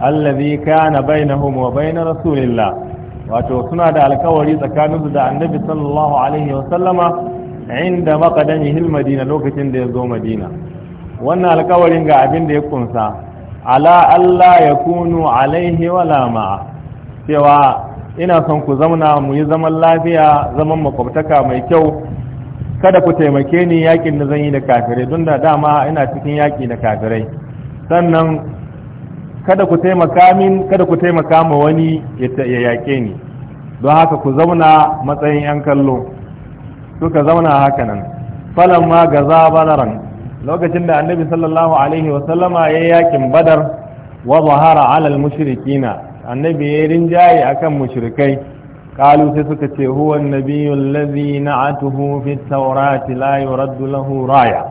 allazi kana bainahum wa bain rasulillah wato suna da alkawari tsakaninsu da annabi sallallahu alaihi wa sallama inda maqadamihi almadina lokacin da ya zo madina wannan alkawarin ga abin da ya kunsa ala Allah ya kunu alaihi wala ma'a cewa ina son ku zauna mu yi zaman lafiya zaman makwabtaka mai kyau kada ku taimake ni yakin da zan yi da kafirai don da dama ina cikin yaki da kafirai sannan kada ku taimaka min kada ku taimaka ma wani ya yake ni don haka ku zauna matsayin yan kallo suka zauna haka nan falan ma gaza balaran lokacin da annabi sallallahu alaihi wasallama ya yakin badar wa zahara alal mushrikina annabi ya rinjaye akan mushrikai kalu sai suka ce huwa annabiyyu allazi na'atuhu fi tawrati la yuraddu lahu raya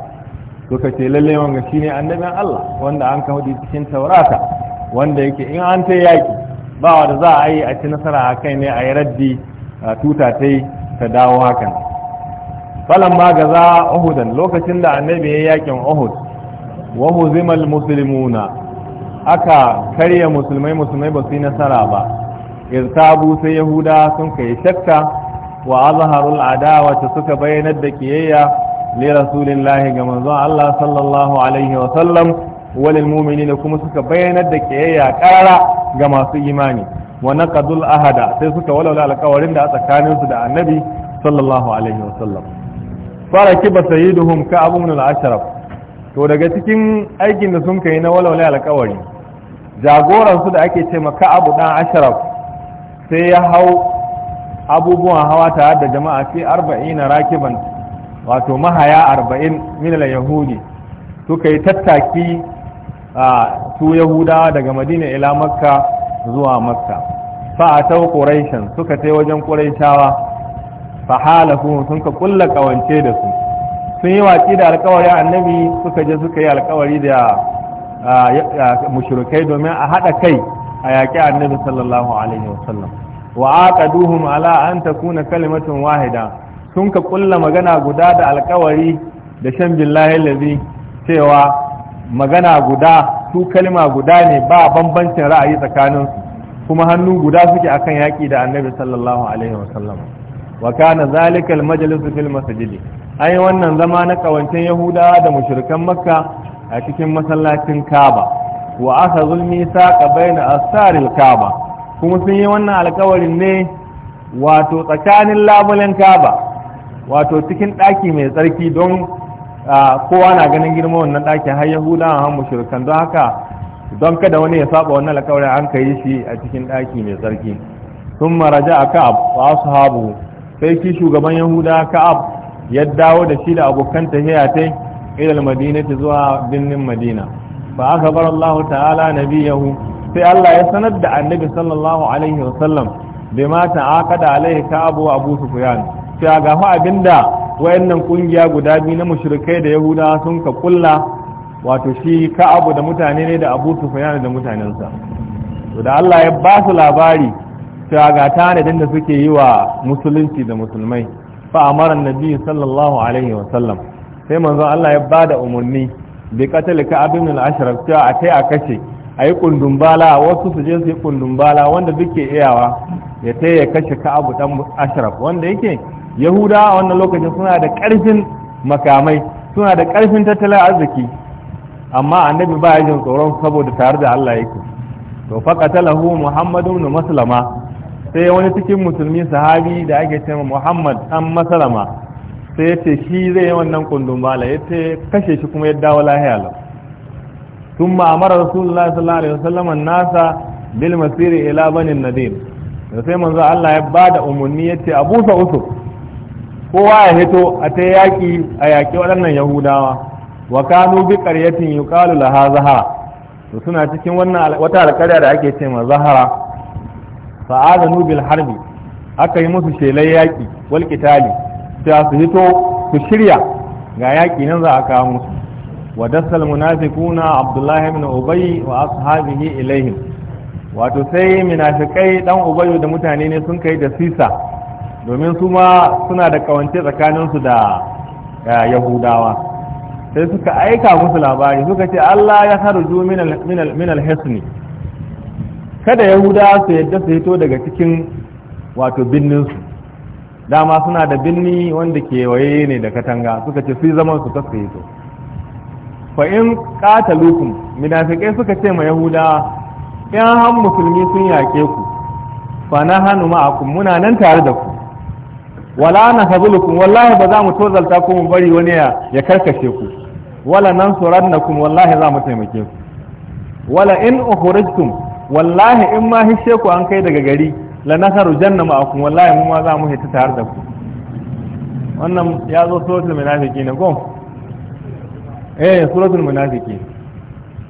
suka ce lalle wanga shine annabin Allah wanda an kawo cikin taurata wanda yake in an ta yaki ba wanda za a yi a ci nasara a kai ne a yi raddi tuta ta dawo hakan falan ma gaza uhudan lokacin da annabi ya yakin uhud wa huzimal muslimuna aka karya musulmai musulmai ba su yi nasara ba irtabu sai yahuda sun kai shakka wa azharul adawa ta suka bayyanar da kiyayya li rasulillahi ga manzon Allah sallallahu alaihi wa sallam mu'minina kuma suka bayyanar da kiyayya karara ga masu imani wa naqadul ahada sai suka walwala alƙawarin da a tsakaninsu da annabi sallallahu alaihi wa sallam fara ba sayyiduhum ka abu min al to daga cikin aikin da sun kai na walawala alƙawari jagoran su da ake ce ka abu dan ashraf sai ya hau abubuwan hawa tare da jama'a sai 40 rakiban wato mahaya 40 min al-yahudi suka yi tattaki a su yahudawa daga madina ila makka zuwa makka fa atau quraishan suka tai wajen quraishawa fahalahu sun ka kulla kawance da su sun yi watsi da alkawarin annabi suka je suka yi alkawari da mushrikai domin a haɗa kai a yaƙi annabi sallallahu alaihi wasallam wa aqaduhum ala an takuna kalimatun wahida sun ka kulla magana guda da alkawari da shan billahi lazi cewa magana guda su kalma guda ne ba bambancin ra'ayi tsakaninsu kuma hannu guda suke akan yaƙi da annabi sallallahu alaihi wasallam wa kana zalika almajlis fil masjid ai wannan zama na kawancin yahuda da mushrikan makka a cikin masallacin kaaba wa aka zulmi saqa baina asaril kaaba kuma sun yi wannan alkawarin ne wato tsakanin labulen kaaba wato cikin daki mai tsarki don kowa na ganin girma wannan daki har yahuda har mushrikan don haka don kada wani ya saba wannan alkawarin an kai shi a cikin daki mai tsarki ثم رجع كعب وأصحابه sai shi shugaban yahuda ka'ab ya dawo da shi da abokan tahiya tai ila ta zuwa binnin madina fa aka bar Allah ta'ala nabiyahu sai Allah ya sanar da annabi sallallahu alaihi wa sallam bima ta'aqada alaihi ka'ab wa abu sufyan sai ga fa abinda wayannan kungiya guda biyu na mushrikai da yahuda sun ka kulla wato shi ka'ab da mutane ne da abu sufyan da mutanensa to da Allah ya ba su labari cewa ga tanadin da suke yi wa musulunci da musulmai fa amara nabi sallallahu alaihi wa sallam sai manzon Allah ya bada umarni bi qatal ka abin al-ashraf cewa a kai a kashe ayi kundumbala wasu su je su yi kundumbala wanda duke iyawa ya tai ya kashe abu dan ashraf wanda yake yahuda a wannan lokacin suna da karfin makamai suna da karfin tattalin arziki amma annabi ba ya jin tsoron saboda tare da Allah yake to faqatalahu muhammadu ibn maslama sai wani cikin musulmi sahabi da ake ce muhammad an masalama sai ya ce shi zai yi wannan kundin bala ya ce kashe shi kuma ya dawo lahiya lau tun ma'amara rasulullah sallallahu alaihi wasallam nasa bil masiri ila banin nadir da sai manzo Allah ya bada umarni ya ce abu sa usu kowa ya hito a ta yaƙi a yaƙi waɗannan yahudawa wa kanu bi qaryatin yuqalu laha zahara to suna cikin wannan wata alƙarya da ake ce ma zahara fa'adanu Nubil harbi aka yi musu shelar yaƙi wal qitali sai su hito ku shirya ga yaƙi nan za a kawo musu wa dasal munafiquna abdullahi ibn ubay wa ashabihi ilaihim wato sai munafikai dan ubayu da mutane ne sun kai da sisa domin su ma suna da kawance su da yahudawa sai suka aika musu labari suka ce Allah ya minal min minal hisni kada yahuda su yadda su hito daga cikin wato binnin su dama suna da binni wanda kewaye ne da katanga suka ce su zaman su su hito fa in qatalukum munafiqai suka ce ma yahuda yan han musulmi sun yake ku fa na hanu ma'akum muna nan tare da ku wala na hazulukum wallahi ba za mu tozalta ku mu bari wani ya karkashe ku wala nan surannakum wallahi za mu taimake ku wala in ukhrijtum wallahi in ma hishe ku an kai daga gari la nasaru janna akum wallahi mu ma za mu hita tare da ku wannan ya zo suratul munafiqin ko eh suratul munafiqin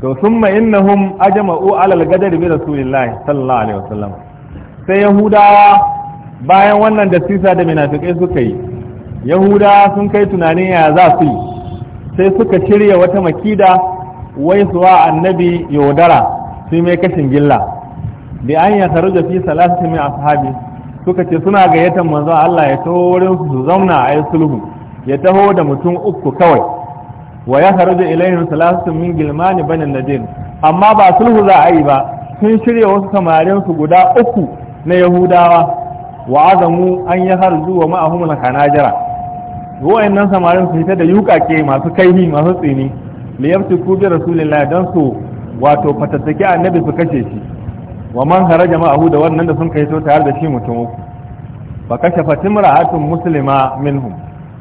to summa innahum ajma'u ala al-gadari bi rasulillahi sallallahu alaihi wasallam sai yahudawa bayan wannan da sisa da munafiqai suka yi yahuda sun kai tunanin ya za su yi sai suka shirya wata makida wai suwa annabi yaudara su mai kashin gilla da an ya taru da fi salatu mai ashabi suka ce suna gayyatar manzon Allah ya taho wurin su zauna a yi sulhu ya taho da mutum uku kawai wa ya taru da ilayhim salatu min gilmani banin nadin amma ba sulhu za a yi ba sun shirya wasu samarin su guda uku na yahudawa wa azamu an ya harzu wa ma'ahum kanajara wa'in nan samarin su fita da yuƙaƙe masu kaihi masu tsini liyaftiku bi rasulillah dan su wato fatattaki annabi su kashe shi wa man haraja ma'ahu da wannan da sun kai to tare da shi mutum uku fa kashafa timra'atun muslima minhum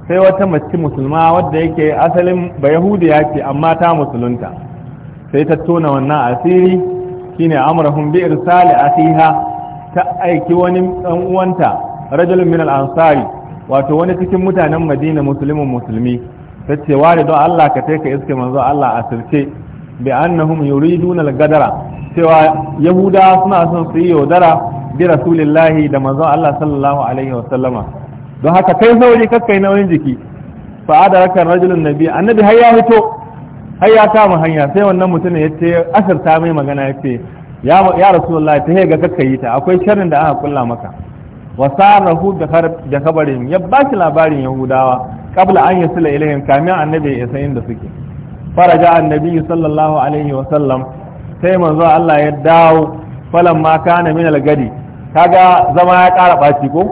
sai wata mace musulma wadda yake asalin ba yahudiya ce amma ta musulunta sai ta tona wannan asiri shine amrahum bi irsali asiha ta aiki wani dan uwanta rajulun min al-ansari wato wani cikin mutanen Madina musulmin musulmi ce ware don Allah ka kai ka iske manzo Allah asirce bi annahum yuriduna al-gadara cewa yahuda suna son su yi yaudara bi rasulillahi da manzon Allah sallallahu alaihi wa sallama don haka kai sauri kakkai nauyin jiki fa adaraka rajulun nabi annabi har ya hayya har ya hanya sai wannan mutum ya ce asirta mai magana ya ce ya rasulullah ta hega kakkai ta akwai sharrin da aka kulla maka wa sarahu da kabarin ya ba shi labarin yahudawa qabla an yasila ilayhim kamin annabi ya san inda suke faraja annabi sallallahu alaihi wa sallam sai manzo Allah ya dawo falan ma kana min al-gadi kaga zama ya ƙara ɓaci ko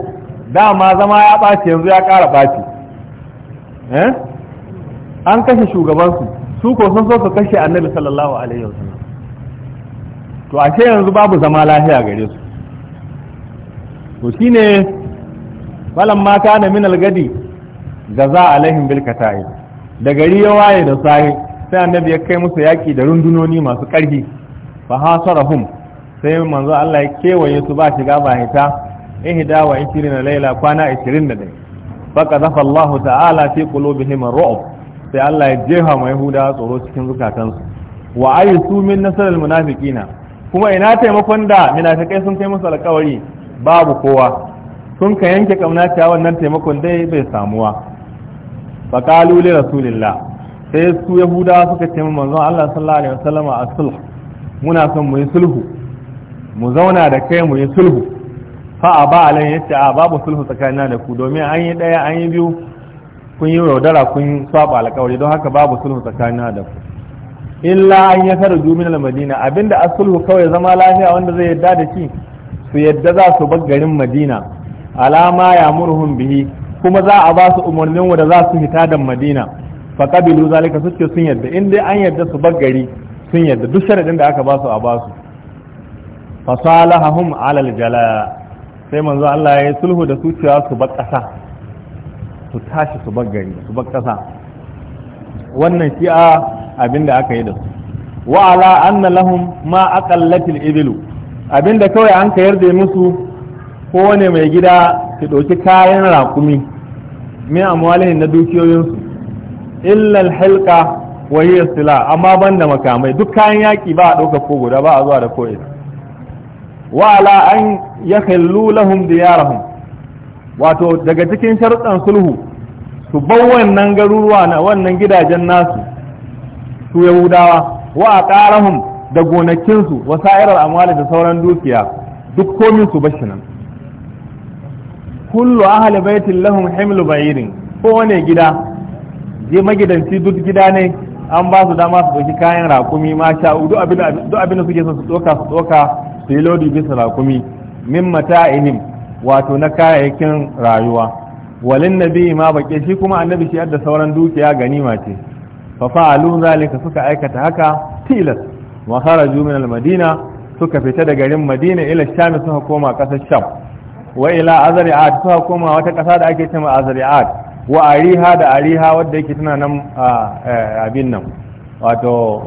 dama zama ya ɓaci yanzu ya ƙara ɓaci eh an kashe shugabansu su ko sun so su kashe annabi sallallahu alaihi wasallam to ashe yanzu babu zama lafiya gare su to shine falan ma kana min al-gadi gaza alaihim bil kata'i da gari ya waye da sahi sai annabi ya kai musu yaƙi da rundunoni masu ƙarfi fa hasarahum sai manzo Allah ya kewaye su ba shiga ba hita ihda wa 20 laila kwana 21 fa qadhafa Allah ta'ala fi qulubihim ar-ru'b sai Allah ya jeha mai huda tsoro cikin zukatansu wa ayisu min nasarar munafiqina kuma ina taimakon da munafikai sun kai musu alƙawari babu kowa sun ka yanke kauna cewa wannan taimakon dai bai samuwa qalu li rasulillah sai su yahudawa suka ce mu manzon Allah sallallahu alaihi wasallam a sulh muna son mu yi sulhu mu zauna da kai mu yi sulhu fa a ba alai yace a babu sulhu tsakanin da ku domin an yi daya an yi biyu kun yi yaudara kun saba alƙawari don haka babu sulhu tsakanin da ku illa an ya farju min al-madina abinda as kawai zama lafiya wanda zai yadda da shi su yadda za su bar garin madina alama ya murhun bihi kuma za a ba su umarnin wanda za su hita da madina fa zalika suke sun yadda in dai an yadda su bar gari sun yadda duk sharadin da aka ba su a ba su fa salahahum ala aljala sai manzo Allah ya yi sulhu da su cewa su bar ƙasa su tashi su bar gari su bar ƙasa. wannan shi'a abinda aka yi da su wa ala anna lahum ma aqallatil ibilu abinda kawai an ka yarda musu kowane mai gida ki ɗauki kayan raƙumi min amwalihin na dukiyoyinsu illa alhilqa wa hiya sila amma banda makamai duk kayan yaki ba a dauka ko guda ba a zuwa da ko ita wa ala an yakhallu lahum diyarahum wato daga cikin sharuɗan sulhu su bau wannan garuruwa na wannan gidajen nasu su yahudawa wa aqarahum da gonakinsu wa sa'irar amwali da sauran dukiya duk komin su bashi nan kullu ahli baitin lahum himlu bayirin wane gida je magidanci duk gida ne an ba su dama su ɗauki kayan rakumi ma sha duk abin da suke so su ɗauka su ɗauka su yi lodi bisa rakumi min mata inim wato na kayayyakin rayuwa walin nabi ma baƙe shi kuma annabi shi da sauran dukiya ganima ce fa fa'alu zalika suka aikata haka tilas wa kharaju min madina suka fita da garin madina ila sham suka koma kasar sham wa ila azri'at suka koma wata kasa da ake cewa azri'at wa ariha da ariha wadda yake tana nan abin nan wato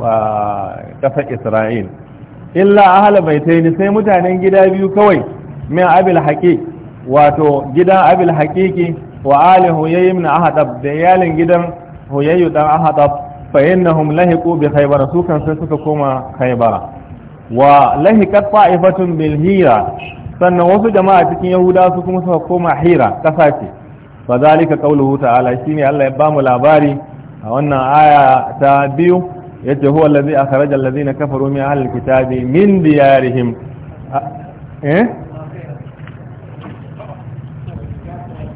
kasar isra'il illa ahala ni sai mutanen gida biyu kawai min abil haqiq wato gidan abil haqiqi wa ali huyay ibn ahadab da iyalin gidan huyay dan ahadab fa innahum lahiqu bi khaybar su kan sai suka koma khaybara wa lahiqat ta'ifatun bil hira sannan wasu jama'a cikin yahuda su kuma suka koma hira kasa ce fa zalika qawluhu ta'ala shine Allah ya bamu labari a wannan aya ta biyu yace huwa allazi akhraja allazina kafaru min ahli alkitabi min diyarihim eh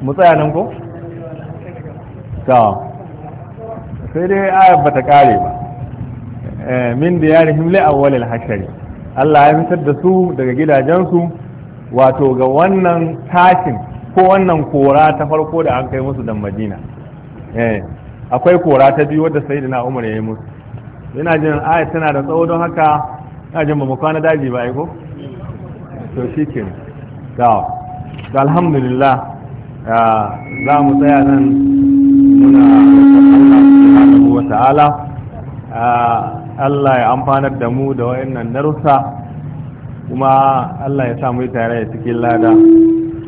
mu nan ko ta sai dai aya bata kare ba eh, min diyarihim li awwal alhashari Allah ya fitar da su daga gidajensu wato ga wannan tashin ko wannan kora ta farko da an kai musu dan madina eh, akwai kora ta biyu wadda sai na umar ya yi musu yana jin ayat tana da tsawo don haka na jin mu kwana daji ba aiko to shi ke da alhamdulillah za mu tsaya nan muna Allah wa ta'ala Allah ya amfanar da mu da wa'annan darussa kuma Allah ya sa mu tare da cikin lada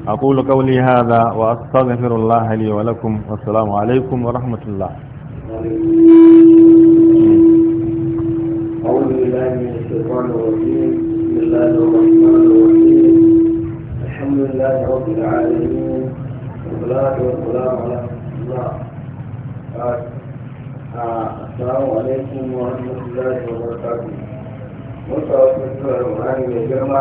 أقول قولي هذا وأستغفر الله لي ولكم والسلام عليكم ورحمة الله أعوذ بالله من الشيطان الرجيم بسم الله الرحمن الرحيم الحمد لله رب العالمين والصلاة والسلام على الله آه، السلام عليكم ورحمة الله وبركاته. Wasu wasu suna da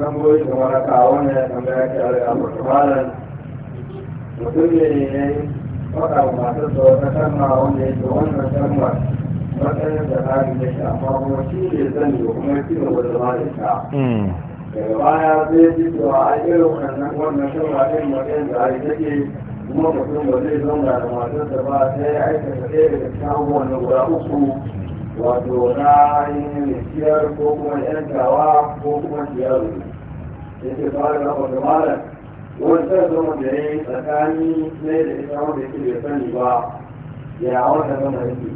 nan goyi wanda ya tambaya a rika ne ta wanda ya da shi kuma shi ne kuma shi ne ba da ta hmm. daga baya zai ji a irin wannan da kuma mutum ba zai zauna da matarsa ba sai aikata ɗaya daga cikin abubuwan guda uku wato na yin ciyar ko kuma yan gawa ko kuma ciyar ya ke fara da wata malam wata zama da ya yi tsakani ne da ita wanda ke bai sani ba ya wata zama yake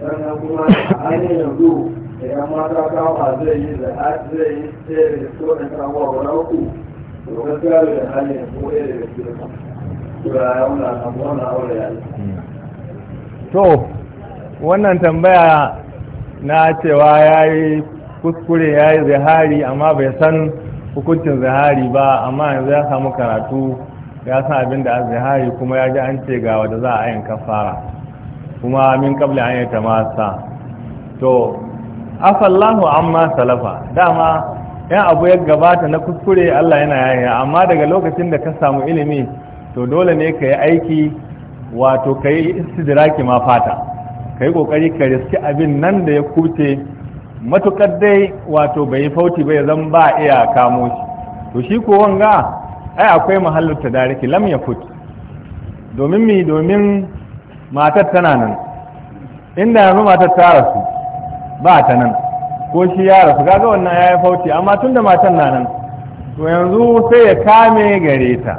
sannan kuma an yi yanzu idan mata kawa zai yi da zai yi sai da so da kawo wa rauku to gaskiya da hanyar ko ɗaya da gaskiya to ya yi wannan abuwa na aure ya yi to wannan tambaya na cewa ya yi kuskure ya yi zahari amma bai san hukuncin zahari ba amma yanzu ya samu karatu ya san abin da zahari kuma ya ji an ce ga wanda za a yin kafara kuma min kabla an yi ta masa to afallahu amma salafa dama yan abu ya gabata na kuskure Allah yana yaya amma daga lokacin da ka samu ilimi to dole ne ka yi aiki wato ka yi istidraki ma fata ka yi ƙoƙari ka riski abin nan da ya kuce matukar dai wato bai yi fauti bai zan ba iya kamo shi to shi ko wanga ai akwai ta tadariki lam ya fut domin mi domin matar tana nan inda yanzu matar ta rasu ba ta nan ko shi ya rasu kaga wannan ya yi fauti amma tun da matar na nan to yanzu sai ya kame gare ta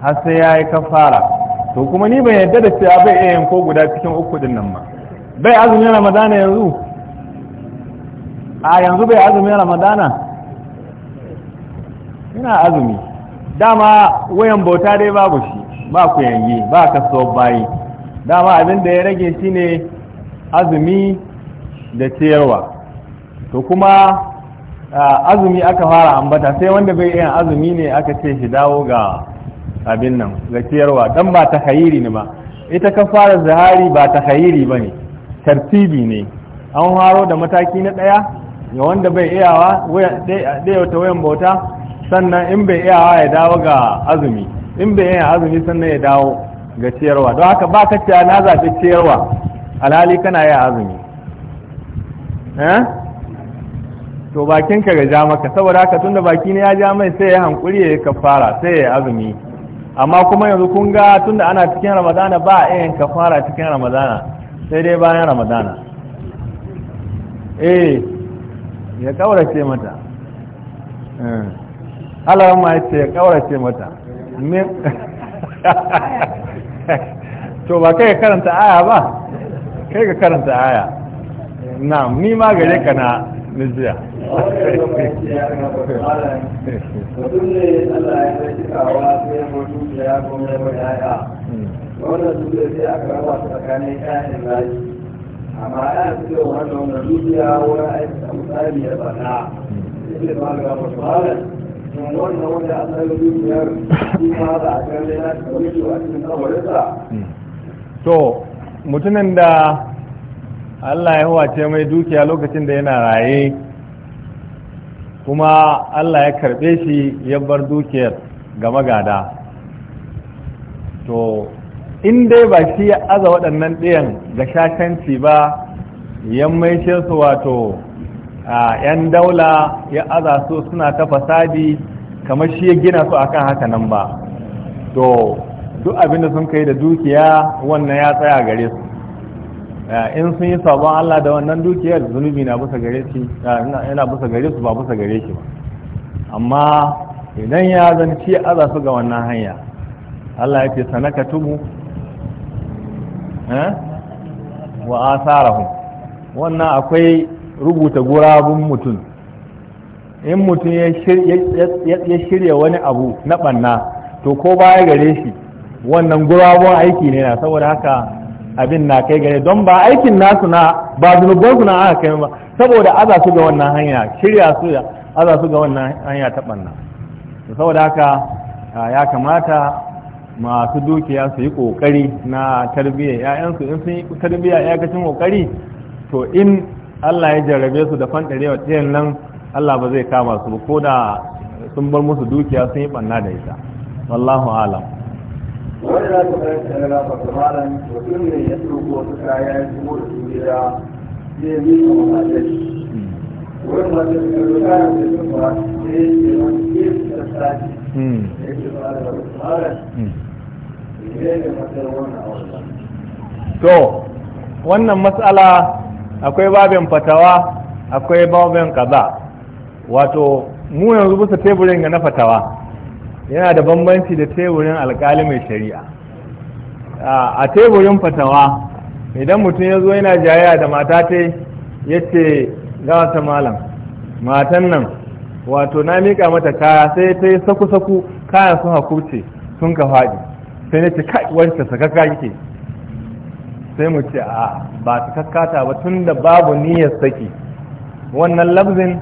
har sai ya yi kafara to kuma ni ban yadda da cewa bai iya ko guda cikin uku din nan ma bai azumin ramadana yanzu a yanzu bai azumin ramadana ina azumi dama wayan bauta dai babu shi ba ku yanyi ba kasuwar bayi dama abin da ya rage shi ne azumi da ciyarwa to kuma azumi aka fara ambata sai wanda bai iya azumi ne aka ce shi dawo ga abin nan ga ciyarwa dan ba ta hayiri ne ba ita ka fara zahari ba ta hayiri ba ne tartibi ne an haro da mataki na ɗaya ga wanda bai iyawa ɗaya wata wayan bauta sannan in bai iyawa ya dawo ga azumi in bai iya azumi sannan ya dawo ga ciyarwa don haka ba ka ciyar na zaɓi ciyarwa alhali kana yi azumi eh? to bakin ka ga ja maka saboda haka tunda baki ne ya ja mai sai ya hankuri ya yi kafara sai ya yi azumi amma kuma yanzu kun ga tunda ana cikin ramadana ba a yin kafara cikin ramadana sai dai bayan ramadana eh ya kaurace mata halawar eh, ma ce ya kaurace mata to ba kai karanta aya ba kai ka karanta aya na ni ma gare ka na nijiya ya na to mutumin da Allah ya huwace mai dukiya lokacin da yana raye kuma Allah ya karbe shi ya bar dukiyar ga magada to in dai ba shi ya aza waɗannan ɗayan ga shashanci ba ya maishe su wato a 'yan daula ya aza su suna ta fasadi kamar shi ya gina su akan haka nan ba to duk abinda sun kai da dukiya wannan ya tsaya gare su Eh, in sun yi sabon Allah da wannan dukiyar zunubi na busa gare shi eh, yana busa gare su ba busa gare shi ba amma idan ya zanci aza su ga wannan hanya Allah ya ce sanaka tubu eh, wa asarahu wannan akwai rubuta gurabun mutum in mutum ya shirya wani abu na banna to ko baya gare shi wannan gurabun aiki ne na saboda haka abin na kai gare don ba aikin nasu na ba zunubansu na aka kai ba saboda aza su ga wannan hanya shirya su aza su ga wannan hanya ta banna saboda haka ya kamata masu dukiya su yi kokari na tarbiyyar ya'yansu in sun yi tarbiyyar iyakacin kokari to in Allah ya jarrabe su da fantarewa ɗayan nan Allah ba zai kama su ko da sun bar musu dukiya sun yi banna da ita wallahu alam ta fahimta malam da wurin to wannan matsala akwai babin fatawa akwai babin kaza wato mu yanzu bisa teburin ga na fatawa yana da bambanci da teburin alkali mai shari'a a teburin fatawa idan mutum ya zo yana jayaya da mata ta ya ce gawata malam matan nan wato na miƙa mata kaya sai ta yi saku-saku kayan sun hakurce sun ka faɗi sai na ce kai wancan sakaka yake sai mu ce a ba kakata ba tun da babu niyyar saki wannan labzin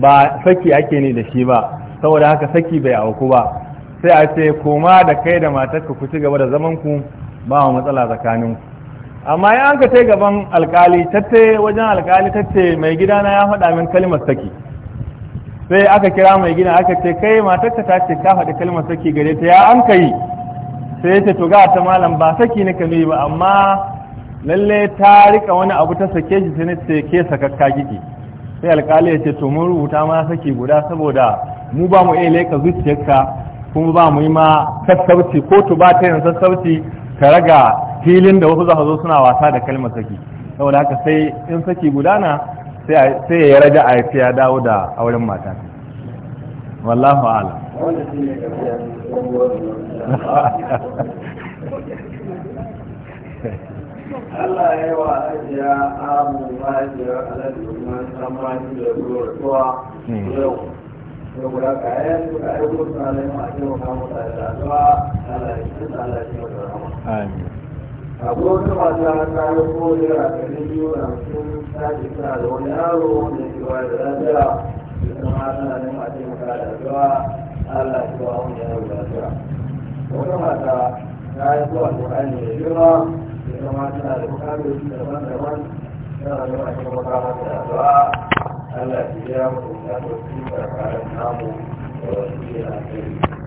ba saki ake ne da shi ba saboda haka saki bai auku ba sai a ce koma da kai da matarka ku ci gaba da zaman ku ba mu matsala tsakanin ku amma in an ka gaban alkali tatte wajen alkali tatte mai gida na ya faɗa min kalmar saki sai aka kira mai gida aka ce kai matarka ta ce ka faɗi kalmar saki gare ta ya an yi sai ta to ga ta malam ba saki ne ka ba amma lalle ta rika wani abu ta sake shi sai ce ke sakakka kike sai alkali ya ce to mun rubuta ma saki guda saboda mu ba mu iya leka zuciyarka kuma ba mu yi ma sassauci ko tu ba ta yin sassauci ka raga filin da wasu za zo suna wasa da kalmar saki saboda haka sai in saki gudana sai ya raja a yi ya dawo da auren mata wallahu ala Allah ya yi wa ajiya abu majiyar alaɗi kuma san da ruwa hmm. yau saboda ka yi suka aiko suna neman a taimaka musu da addu'a Allah ya ci Allah ya ci amin wata mata ta yi ko da rakani biyu da mutum ta ce da wani yaro wanda ke ba da lafiya ita ma tana neman a taimaka da addu'a Allah ya ci wani yaro lafiya wata mata ta yi ko alƙur'ani da girma ita ma tana da buƙatar daban-daban tana neman a taimaka masa da addu'a Allah ya biya mu da namu da wasu yana kai